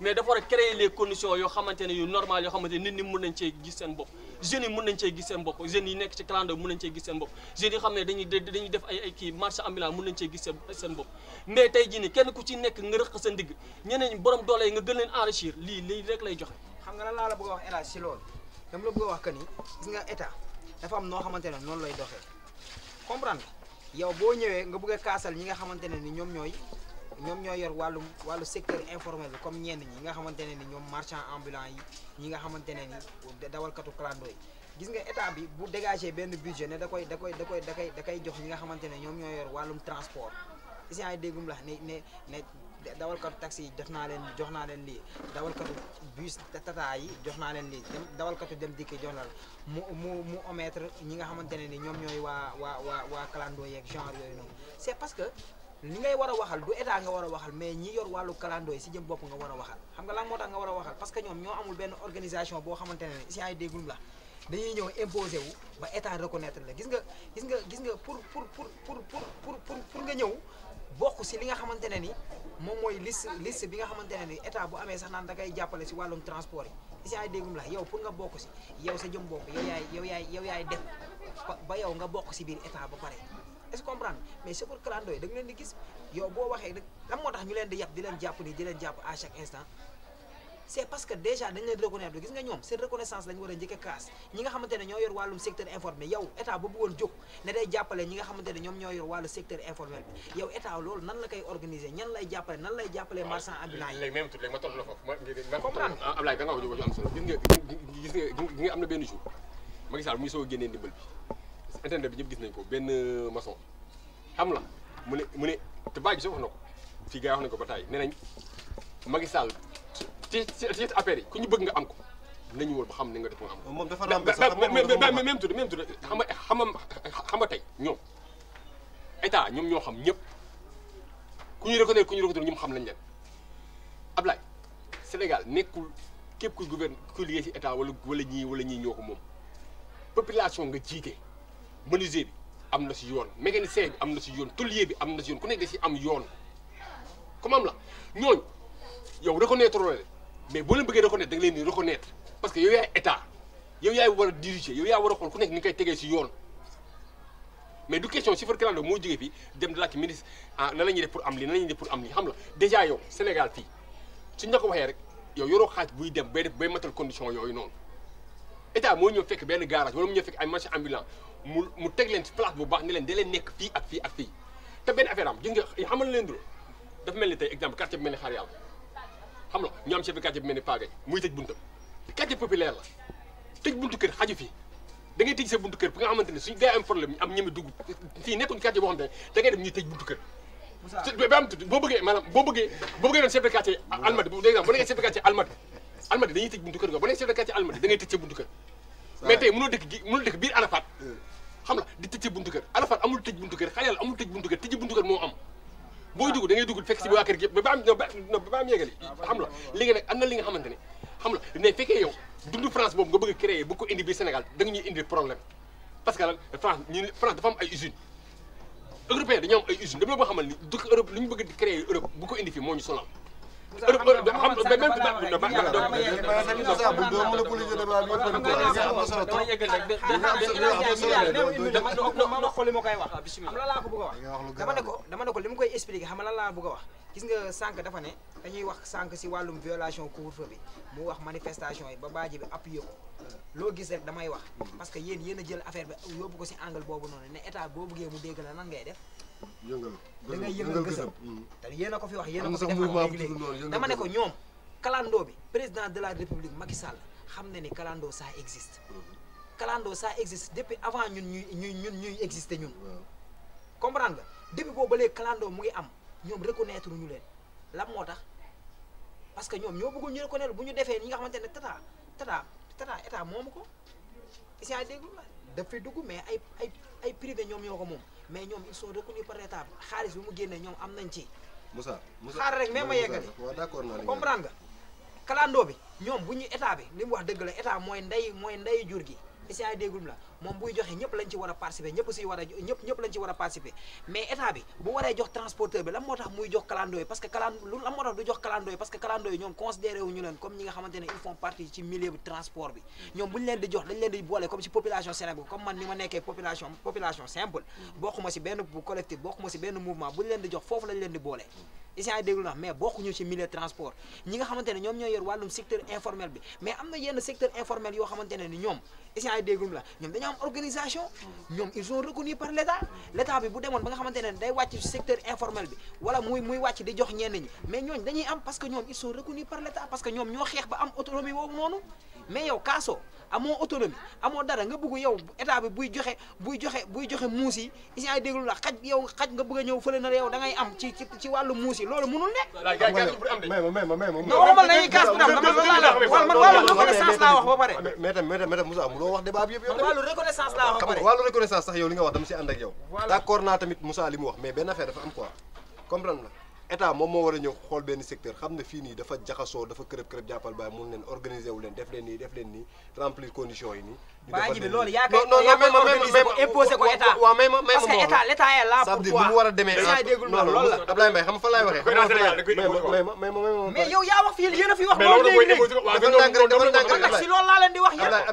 mais dafa war a créer les conditions yoo xamante ne yu normal yoo xamante nit ñi mën nañ cee gis seen bopp. jeunes yi mën nañ cee gis seen bopp jeunes yi nekk ci clando mën nañ cee gis seen bopp jeunes yi xam ne dañuy def ay kii marché ambulant mën nañ cee gis seen bopp mais tey jii nii kenn ku sa ndigg ñeneen ñi borom doole yi nga gën leen enrichir lii lii rek lay joxe. xam nga lan laa a wax dafa am noo xamante ne noonu lay doxee comprendre yow boo ñëwee nga bëgg a kaasal ñi nga xamante ne ni ñoom ñooy ñoom ñooy yor wàllu wàllu secteur informel bi comme ñenn ñi nga xamante ne ni ñoom marchand ambulant yi ñi nga xamante ne ni dawalkatu clando yi gis nga état bi bu dégagé benn budget ne da koy da koy da koy da koy jox ñi nga xamante ne ñoom ñooy yor wàllum transport isient yi déggum la ne ne ne dawalkatu taxi yi jox naa leen jox naa leen lii dawalkatu bus tata yi jox naa leen lii dem dawalkatu dem dikk jox naa mu mu mu omettre ñi nga xamante ne ni ñoom ñooy waa waa waa waa yeeg genre yooyu noonu c'est parce que li ngay war a waxal du état nga war a waxal mais ñi yor wàllu clando yi si jëm bopp nga war a waxal xam nga lan moo tax nga war a waxal parce que ñoom ñoo amul benn organisation boo xamante ne ni si ay déggul la dañuy ñëw imposé wu ba état reconnaître la gis nga gis nga gis nga pour pour pour pour pour pour pour nga ñëw bokk si li nga xamante ne ni moom mooy list list bi nga xamante ne ni état bu amee sax naan da ngay jàppale si wàllum transport yi si ay déggum la yow pour nga bokk si yow sa jëm bopp yow yaay yow yaay yow yaay ba yow nga bokk si biir état ba pare est-ce que comprendre mais chauffeur clando yi da leen di gis yow boo waxee lan moo tax ñu leen di yàpp di leen jàpp nii di leen jàpp à chaque instant c' est parce que déjà dañ leen reconnaître gis nga ñoom seen reconnaissance lañ war a njëkk kaas ñi nga xamante ne ñoo yor wàllum secteur informel yow état ba bëggoon jóg ne day jàppale ñi nga xamante ne ñoom ñoo yor wàllu secteur informel bi yow état loolu nan la koy organiser ñan lay jàppale nan lay jàppale marchand ambulant na benn jour Macky Sall bi nañ ko na ko fii gars ko ba tàyyi ne nañ Macky ci ci affaire yi ku ñu bëgg nga am ko nañu woon ba xam ne nga def nga am ko. moom dafa lambe sax même tudd même tudd xam nga xam nga tey ñoom état ñoom ñoo xam ñëpp ku ñu reconnaître ku ñu reconnaître ñoom xam nañ leen Ablaye Sénégal nekkul képp ku gouverne kuy liggéey ci état wala wala ñii wala ñii ñoo ko moom population nga jiite menuisier bi am na si yoon mécanicien bi am na si yoon tôlier bi am na ci yoon ku nekk da ci am yoon comme am la ñooñu. yow reconnaître la mais boo leen bëggee reconnaître da nga leen di reconnaître parce que yow yaay état yow yaay war a diriger yow yaa war a xool ku nekk ni koy tegee si yoon mais du question chiffre clando moo jógee fii dem di laaj ministre ah, ñuy def pour am lii nan la pour am lii xam la déjà yow Sénégal fii suñ la ko waxee rek yow yoroo xaaj buy dem bay bay matal condition yooyu noonu état moo ñëw fekk benn garage wala mu ñëw fekk ay marché ambulant mu mu teg leen ci place bu baax ne leen da leen nekk fii ak fii ak fii te benn affaire am gis xamal leen du dafa mel ni tey exemple quartier bi mel ni xaar xam nga ñu am chef de quartier bi mel ni Paa Gueye muy tëj buntam quartier populaire la tëj buntu kër xaju fi da ngay tëj sa buntu kër bi nga xamante ne suñ day am problème am ñeme dugg fii nekkuñ quartier boo xam ne da ngay dem ñuy tëj buntu kër ba am boo bëggee maanaam boo bëggee boo bëggee doon chef de quartier Almadi bu nekkee chef de quartier Almadi Almadi dañuy tëj buntu kër nga bu nekkee chef de quartier Almadi da ngay tëj sa buntu kër mais tey mënoo dëkk gi mënoo dëkk biir Arafat hmm. xam la di tëj sa buntu kër Arafat amul tëj buntu kër Xayal amul tëj buntu kër booy dugg da ngay dugg fekk si waa kër gi ba ba am ba am yeggali xam la léegi ne xam la ne fekkee yow France boobu nga bëgg a créer bu ko indi biir Sénégal da nga ñuy problème parce que France ñu France ay usines européen dañoo am ay usines dama la boo ni dëkk ñu bëgg di créer Europe bu ko indi fii moo ñu sonal xool li ma koy wax xam la laa ko bëgg a wax dama ne ko dama ko li ma koy expliquer xam la laa bëgg a wax gis nga sànq dafa ne dañuy wax sànq si wàllum violation couvre-feu bi mu wax manifestation yi ba baa bi appuyé ko loo gis rek damay wax parce que yéen yéen jël affaire bi yóbbu ko si angle boobu noonu ne état boo bëggee mu dégg la nan ngay def yëngal da ngay yëngal gësëm mm. te yéen a ko fi wax yéen a ko fi defal léegi léegi dama ne ko ñoom kalandoo bi président de la république Macky Sall xam na ni kalandoo ça existe mm-hmm. kalandoo ça existe depuis avant ñun ñuy ñuy ñun ñuy exister ñun comprendre nga depuis boobu ba léegi kalandoo mu ngi am ñoom reconnaître ñu leen lan moo tax parce que ñoom ñoo bëggul ñu reconnaître bu ñu defee ñi nga xamante ne tata tata tata état moomu ko ici ay dégg la daf fi dugg mais ay ay ay privé ñoom ñoo ko moom mais ñoom ils sont reconnus par l'état xaalis bi mu génnee ñoom am nañ ci. Moussa Moussa xaar rek même ma yeggali. waaw d'accord naa comprendre nga. kalandoo bi ñoom bu ñu état bi li mu wax dëgg la état mooy ndey mooy ndeyu jur gi. est-ce que déggul la moom buy joxe ñëpp lañ ci war a participer ñëpp lañ ci war a participer mais état bi bu waree jox transporteur bi lan moo tax muy jox kalandoo parce que kalan ñoom considéré leen comme ñi nga xamante ne ils bi mais am na yenn secteur informel yoo xamante ni ñoom isient déglu la ñoom dañoo am organisation ñoom ils sont reconnus par l' état bi bu demoon ba nga xamante ne day secteur informel bi wala muy muy di jox ñenn ñi mais ñooñ dañuy am parce que ñoom ñoo xeex ba am autonomie boobu noonu mais yow kaasoo amoo autonomie amoo dara nga bëgg yow état buy joxe buy joxe buy joxe muus yi ici ay déglu la xaj nga bëgg a ñëw fële na yow am ci ci wàllu loolu mënul nekk. mais mais mais mais mais mais mais mais mais mais mais mais wàllu reconnaissance laa wax ba pare mais tam mais mu loo wax débat bi yëpp yow wàllu reconnaissance laa wax ba pare wàllu reconnaissance sax yow li nga wax dama si ànd ak yow d'accord naa tamit Moussa li mu wax mais benn affaire dafa am quoi comprendre la état moom moo war a ñëw xool benn secteur xam ne fii nii dafa jaxasoo dafa kërëb kërëb jàppal baay mun leen organiser wu leen def leen nii def leen nii remplir conditions yi nii. ñu defal leen loolu yaa koy l' état est là pour quoi mu war a demee. état déggul loolu la Ablaye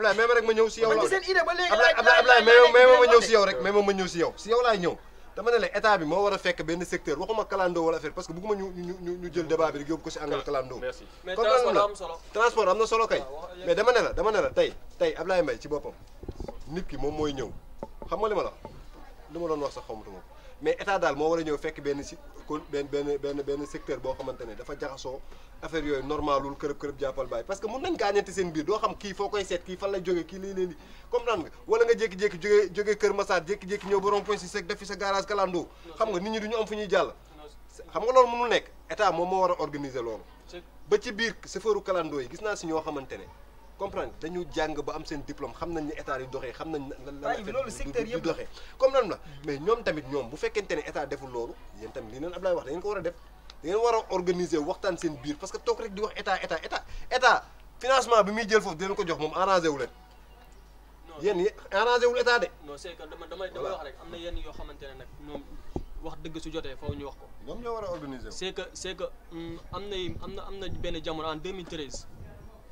laa leen rek ma ñëw si yow. ma ma ñëw si yow si yow laay ñëw dama ne la état bi moo war a fekk benn secteur waxuma kalandoo wala affaire parce que bëgguma ñu ñu ñu jël débat bi rek yóbbu ko si angal kalandoo. transport am na solo kay. Ah, mais dama ne la dama ne la tey tey Ablaye Mbaye ci boppam nit ki moom mooy ñëw xam nga li ma la li ma doon wax sa xaw xawmatuma ko mais état daal moo war a ñëw fekk benn si kon benn benn benn benn secteur boo xamante ne dafa jaxasoo affaire yooyu normalul kërëb kërëb jàppal bàyyi parce que mun nañ gaañante seen biir doo xam kii foo koy seet kii fan la jóge kii lii lii lii comprendre nga wala nga jékki-jékki jóge Kër Massar jékki-jékki ñëw ba point si sec def sa garage kalandoo xam nga nit ñi du ñu am fu ñuy jàll xam nga loolu mënul nekk état moom moo war a organiser loolu ba xamante ne comprendre dañu jàng ba am seen diplôme xam nañ ne état yi doxee xam nañ lan la loolu secteur yëpp doxee comme lan la mais ñoom tamit ñoom bu fekkente ne état deful loolu yéen tamit li leen Ablaye wax da ngeen war a def da ngeen war a organiser waxtaan seen biir parce que toog rek di wax état état état état financement bi muy jël foofu di leen ko jox moom arrangé wu leen yéen arrangé wul état de non c'est que dama dama dama wax rek am na yenn yoo xamante ne nag ñoom wax dëgg su jotee foofu ñu wax ko ñoom ñoo war a organiser c'est que c'est mm, am na am na benn jamono en 2013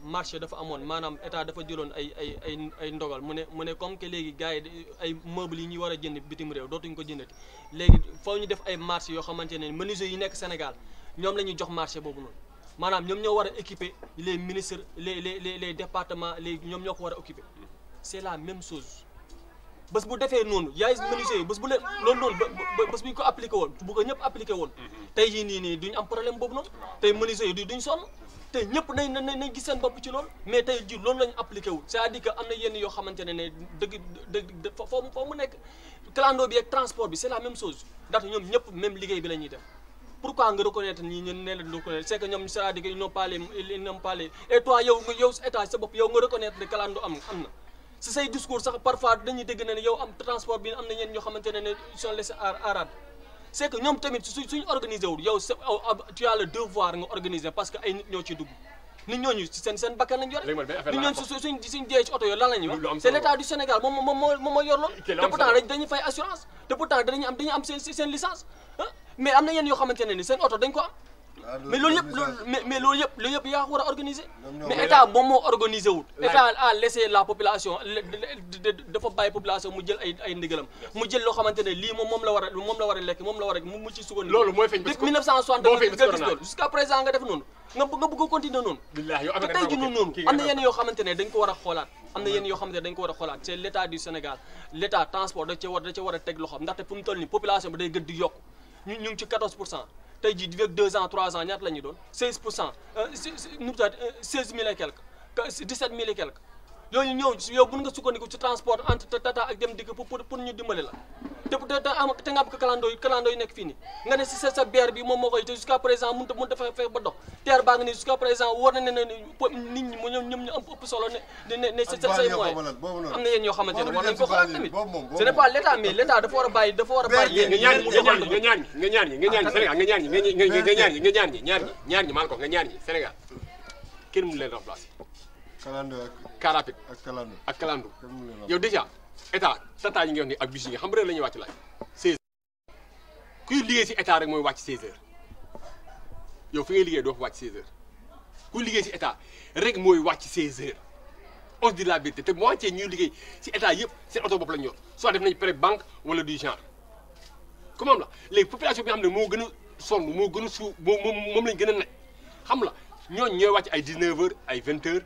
marché dafa amoon maanaam état dafa jëloon ay ay ay ay ndogal mu ne mu ne comme que léegi gars yi ay meubles yi ñuy war jënd bitim réew dootuñ ko jëndati léegi faw ñu def ay marché yoo xamante ne menuisier yi nekk Sénégal ñoom la ñuy jox marché boobu noonu maanaam ñoom ñoo war a équiper les ministres les les les les départements les ñoom ñoo ko war a occuper c'est la même sos bés bu defee noonu yaay menuisier yi bés bu leen loolu noonu bés bu ñu ko appliqué woon bu ko ñëpp appliqué woon mhm. tey jii nii nii duñ am problème boobu noonu tey menuisier yi duñ sonn te ñëpp nañ nañ nañ gis seen bopp ci loolu mais tey ji loolu lañ appliqué wul c'est-à-dire que am na yenn yoo xamante ne ne dëgg dëgg foo mu nekk clando bi ak transport bi c'est la même ndaxte ñoom ñëpp même liggéey bi la ñuy def pourquoi nga reconnaître ñi ñun nee na reconnaître c'est que ñoom c'est-à-dire que ils sa état sa nga reconnaître ne clando am na si say discours sax parfois dañuy dégg ne ne yow am transport bi am na ñeen ñoo xamante ne ne sont laissés à c' est que ñoom tamit su suñu organisé wul yow sa oh, tu as le nga organiser parce que ay nit ñooñu seen bakkan lañ yore. nit ñooñu su suñ dee ci oto yooyu lan la ñuy wax. c' est l' état du Sénégal moom moom moo moom moo yor loolu. te pourtant fay assurance te pourtant am dañuy am seen seen ah, mais am na yenn yoo xamante ne ni seen oto dañ ko am. mais loolu yëpp mais loolu yëpp yaa war a organiser. mais état moom moo organiser wul. a laissé la population dafa bàyyi population mu jël ay ndigalam mu jël loo xamante lii moom moom la war a lekk moom la war a mu ci sukkandiku. loolu mooy feeñ bés ko 1960 nga gis loolu présent nga def noonu. nga nga continuer noonu. billahi yow am noonu am na yenn yoo xamante ne ko war a xoolaat. am na yenn yoo xamante ne ko war a xoolaat c'est l'état du Sénégal l'état tey jii di ak deux ans trois ans ñaata la ñuy doon seize pour cent euh, nu mu taat euh, seize mille et quelque dix sept mille et quelque ñooñu ñëw yow mën nga sukkandiku ci transport entre Tata ak dem dikk pour pour ñu la te nga am ko nekk fii nga ne si nga ne ne nit ñi na yéen nga ñaan nga nga ñaan ñi nga ko nga ñaan ñi Sénégal kenn mënu leen remplacer kalandu ak car rapide ak kalandu ak kalandu yow déjà état tata yi nga wax ni ak bus yi nga xam rek la ñuy wàcc laaj seize kuy liggéey si état rek mooy wàcc seize yow fi doo wàcc seize heures kuy liggéey si état rek mooy wàcc seize heures on se dit la vérité te moitié ñuy liggéey si état yëpp seen oto bopp lañ yor soit def nañ prêt banque wala du genre comment la léegi population bi nga xam ne moo gën a sonn moo gën a suuf moom moom lañ gën a nekk xam la ñooñu ñooy wàcc ay 19 ay 20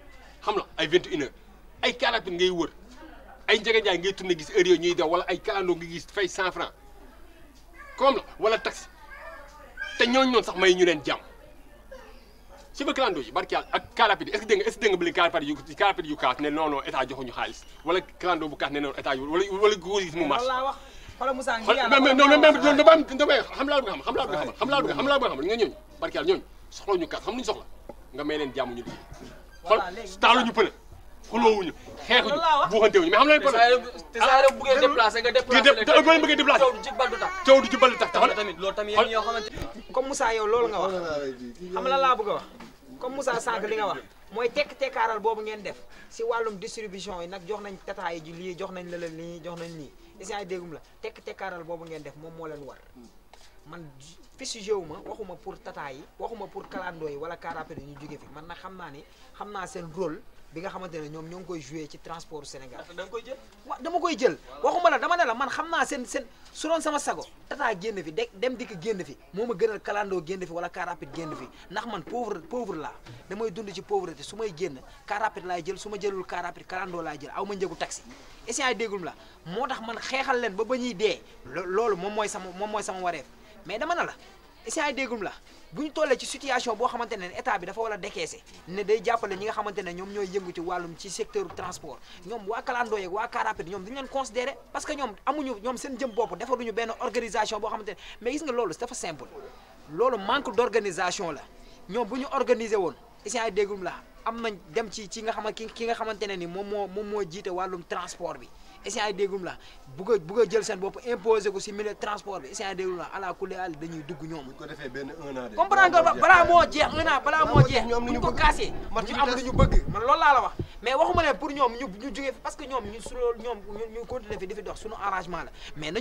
xam la ay vingt et une heures ay karatin ngay wër ay njegejaay ngay tourné gis heure yooyu ñuy daw wala ay kalandoo nga gis fay cent franc comme la wala taxi te ñooñu noonu sax may ñu leen jàmm ci ba kalandoo yi barki yàlla ak car rapide est-ce que dégg nga est-ce que dégg nga bi leen car rapide yu car rapide yu kaas ne non non état joxuñu xaalis wala kalandoo bu kaas ne non état wala wala ko gis mu marche xoolal Moussa ngi yàlla mais non mais non damay damay xam laa bëgg xam xam laa bëgg xam xam laa bëgg xam nga ñooñu barki yàlla ñooñu soxla ñu kaas xam lu ñu soxla nga may leen jàmm ñu liggéey xool taaluñu pëne xuloowuñu xeexuñu buuxantewuñu mais xam nga pëne. te saa yoo bëggee déplacé nga déplacé rek taw du jig baldu tax taw du jig baldu tax taxal tamit loolu tamit yéen ñoo xamante comme Moussa yow loolu nga wax xam la laa bëgg a wax comme Moussa sànq li nga wax mooy tekk tekkaaral boobu ngeen def si wàllum distribution yi nag jox nañ tata yi ji lii jox nañ lële lii jox nañ lii is a déggum la tekk tekkaaral boobu ngeen def moom moo leen war man fustigé wu ma waxuma pour tata yi waxuma pour kalandoo yi wala car rapide ñu jóge fi man na xam naa ni xam naa seen rôle bi nga xamante ne ñoom ñoo ngi koy joué ci transport Sénégal. da nga koy jël wa dama koy jël. waxuma la dama ne la man xam naa seen seen su doon sama sago tata génn fi de dem dikk génn fi moo ma gënal kalandoo génn fi wala car génn fi ndax man pauvre pauvre laa damay dund ci pauvreté su may génn car rapide laay jël su ma jëlul car rapide laa laay jël aw ma njëgu taxi. essence déggum la moo tax man xeexal leen ba ba ñuy dee loolu moom mooy sama moom mooy sama wareef mais dama na la essayé déggum la bu ñu tollee ci situation boo xamante ne état bi dafa war a décaisser ne day jàppale ñi nga xamante ne ñoom ñooy yëngu ci wàllum ci secteur transport ñoom waa kalandoo yeeg waa car rapide ñoom dañu leen considéré parce que ñoom amuñu ñoom seen jëm bopp defaruñu benn organisation boo xamante ne mais gis nga loolu dafa simple loolu manque d'organisation la ñoom bu ñu organiser woon essayé déggum la am nañ dem ci ci nga xama ki nga xamante ne ni moom moo moom moo jiite wàllum transport bi essient yi déggum la bugg a bugg a jël seen bopp imposé ko si milieu transport bi essient yi déggum la ala kulli àll dañuy dugg ñoom ko defee benn un an comprendre nga balaa moo jeex un an balaa moo jeex ñu ko ñu am lu ñu bëgg man loolu laa la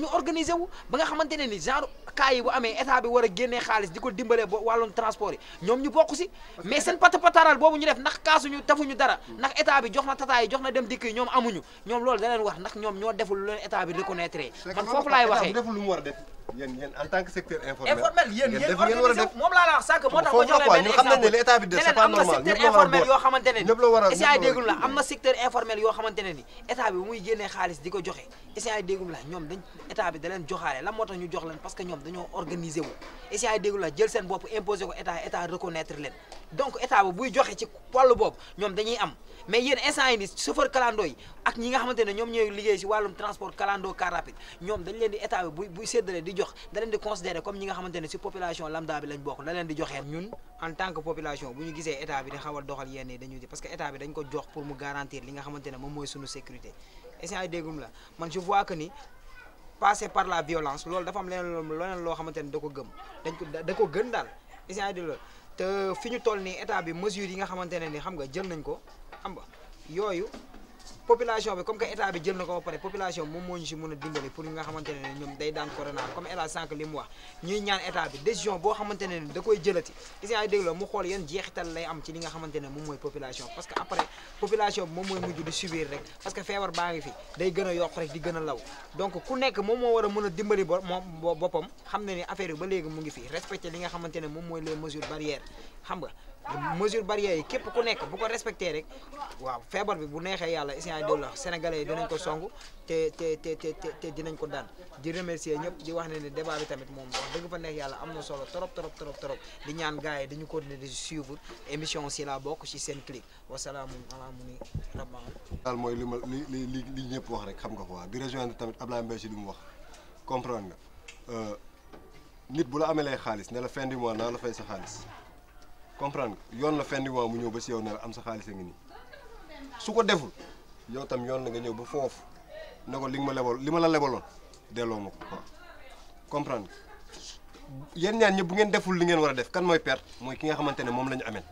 wax wu ba nga xamante ni genre cas bu amee état war a génnee xaalis di ko dimbalee ba wàllum transport yi ñoom ñu bokk si mais seen pat pataaral boobu ñu def ndax kaasuñu tafuñu dara ndax état jox na tataay jox na dem dikk ñoom amuñu ñoom loolu da ñoom ñoo deful lu leen état bi reconnaître man foofu laay waxee deful lu mu war a def yéen yéen secteur informel informel yéen yéen organisé moom la a boole yoo xamante ne ni essayé am na secteur informel yoo xamante ni état bi bu muy génnee xaalis di ko joxe essayé déggum la ñoom dañ état bi da leen joxaale lan moo tax ñu jox leen parce que ñoom dañoo organisé wu essayé déggum la jël seen bopp imposé ko état état reconnaître leen donc état bi buy joxe ci wàllu boobu ñoom dañuy am mais yéen instant yi ni chauffeur calando ak ñi nga xamante ne ñoom ñooy liggéey si wàllum transport calando car rapide ñoom dañ leen di état bi buy buy di jox da leen di considérer comme ñi nga xamante ne si population lambda bi lañ bokk da leen di joxee ñun en tant que population bu ñu gisee état bi di xawal doxal yenn yi di parce que état bi dañ ko jox pour mu garantir li nga xamante ne moom mooy suñu sécurité instant yi déggum la par la violence loolu dafa am leneen xamante ne da ko gëm dañ ko da ko gën te fi ñu toll nii état bi mesures yi nga xamante ne ni xam nga jël nañ ko xam nga yooyu population bi comme que état bi jël na ko ba pare population moom moo ñu si mën a dimbale pour nga xamante ne ñoom day daan corona comme El Hadj li mu wax ñuy ñaan état bi décision boo xamante ne da koy jëlati gis nga xool yan jeexital lay am ci li nga xamante moom mooy population parce que après population bi moom mooy mujj di subir rek parce que feebar baa ngi fi day gën a yokk rek di gën a law donc ku nekk moom moo war a mën a dimbali bo moom boppam xam ne ni affaire yi ba léegi mu ngi fi respecté li nga xamante ne moom mooy les mesures barrières xam nga mesure barrière yi képp ku nekk bu ko respecté rek waaw feebar bi bu neexee yàlla isient dol la yi dinañ ko song te te te te te dinañ ko daan di remercier ñëpp di wax ne ne débat bi tamit moom wax dëgg fa neex yàlla am na solo trop trop trop trop ñaan gars yi dañu continuer di suivre émission si la bokk si Senclic wasalaamu ala mu ni rabban mooy li ma li li li ñëpp wax rek xam nga ko waa di rejoindre tamit Ablaye Mbaye si li mu wax comprendre nga euh, nit bu la amee amelee xaalis ne la fin du mois naa la fay sa xaalis comprendre nga yoon la fenn waa mu ñëw ba si yow ne la am sa xaalis a ngi nii su ko deful yow tam yoon la nga ñëw ba foofu ne ko li ma lebal li ma la lebaloon delloo ma ko comprendre nga yéen ñaan ñëpp bu ngeen deful li ngeen war a def kan mooy perte mooy ki nga xamante ne moom lañu ñu amee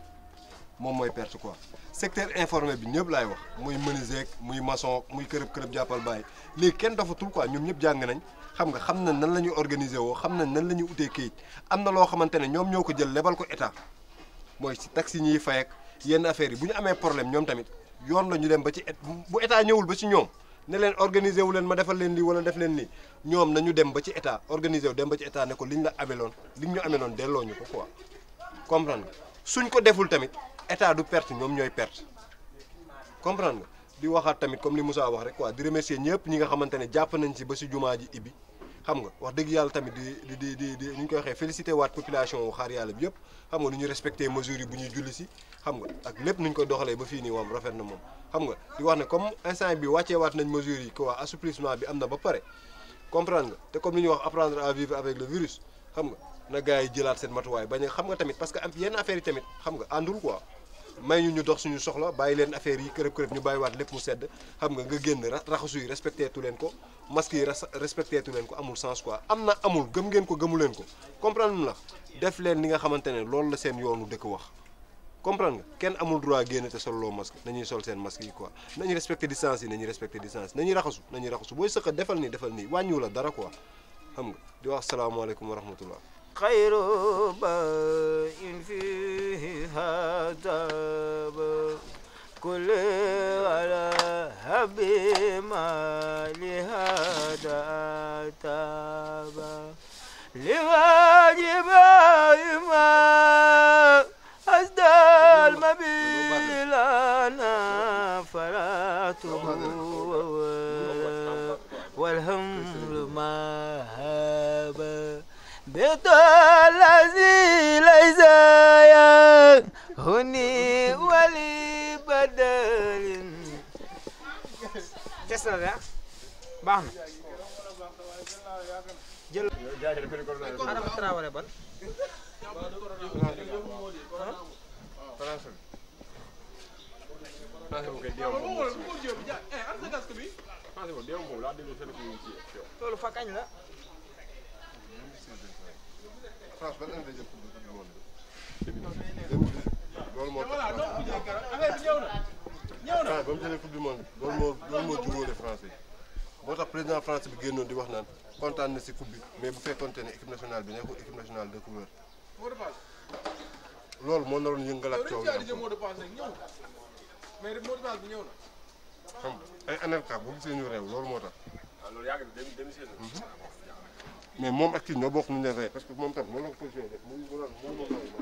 moom mooy perte quoi secteur informel bi ñëpp laay wax muy menuisier muy mason muy kërëb kërëb jàppal bàyyi léegi kenn dofatul quoi ñoom ñëpp jàng nañ xam nga xam na nan la ñuy organiser woo xam na nan la ñuy utee kayit am na loo xamante ne ñoom ñoo ko jël lebal ko état mooy ci taxi ñuy fay ak yenn affaires yi bu ñu amee problème ñoom tamit yoon la dem ba ci bu état ñëwul ba ci ñoom ne leen organiser wu leen ma defal leen lii wala def leen lii ñoom nañu dem ba ci état organiser wu dem ba ci état ne ko liñ la ameloon liñ ñu ameloon delloo ñu ko quoi comprendre nga suñ ko deful tamit état du perte ñoom ñooy perte comprendre nga di waxaat tamit comme li Moussa wax rek waa di remercier ñëpp ñi nga xamante ne jàpp nañ ci ba si jumaa ji ibbi xam nga wax dëgg yàlla tamit di di di di ñu ko waxee félicité waat population wu xaar yàlla bi yëpp xam nga nu ñu respecté mesures yi bu ñuy julli si xam nga ak lépp nu ñu ko doxalee ba fii nii moom rafet na moom xam nga di wax ne comme instant bi wàccee waat nañ mesures yi quoi assouplissement bi am na ba pare comprendre nga te comme li ñuy wax apprendre à vivre avec le virus xam nga na gars yi jëlaat seen matuwaay ba bañ xam nga tamit parce que am yenn affaires tamit xam nga àndul quoi may ñu ñu dox suñu bàyyi leen affaire yi kërëb kërëb ñu bàyyiwaat lépp mu sedd xam nga nga génn raxasuy respecté tu leen ko masque yi respecté tu leen ko amul sens quoi am na amul gëm ngeen ko gëmu leen ko comprendre nga def leen li nga xamante ne loolu la seen yoonu dëkk wax comprendre nga kenn amul droit génn te soloo masque nañuy sol seen masque yi quoi nañu respecté distance yi nañu respecté distance nañuy raxasu nañuy raxasu booy sëqa defal nii defal nii wàññiwu la dara quoi xam nga di wax salaamaaleykum wa rahmatullah xayru ba in fi hadaba كل ولا هبي ما لهذا تابا لواجب ما أزدال مبيلانا فراته والهم ما هاب بطل الذي ليس هني des na de baax na. jël. Adama Traoré ban. loolu fa kañ la. France ban année la jël coupe du monde loolu moo tax ñëw na France ba mu jëlee français moo tax président France bi génnoo di wax naan kontaan na si coupe bi mais bu fekkonte ne équipe nationale bi nekkul équipe nationale de couleur loolu moo naroon yëngalaat ak coow yi mais mot de passe na. xam ay ANACIM loolu moo tax. Ah, loolu yàgg na dem mhm. mais moom ak kii ñoo bokk ñu ne réew parce que moom tam moo la ko positionné mu mu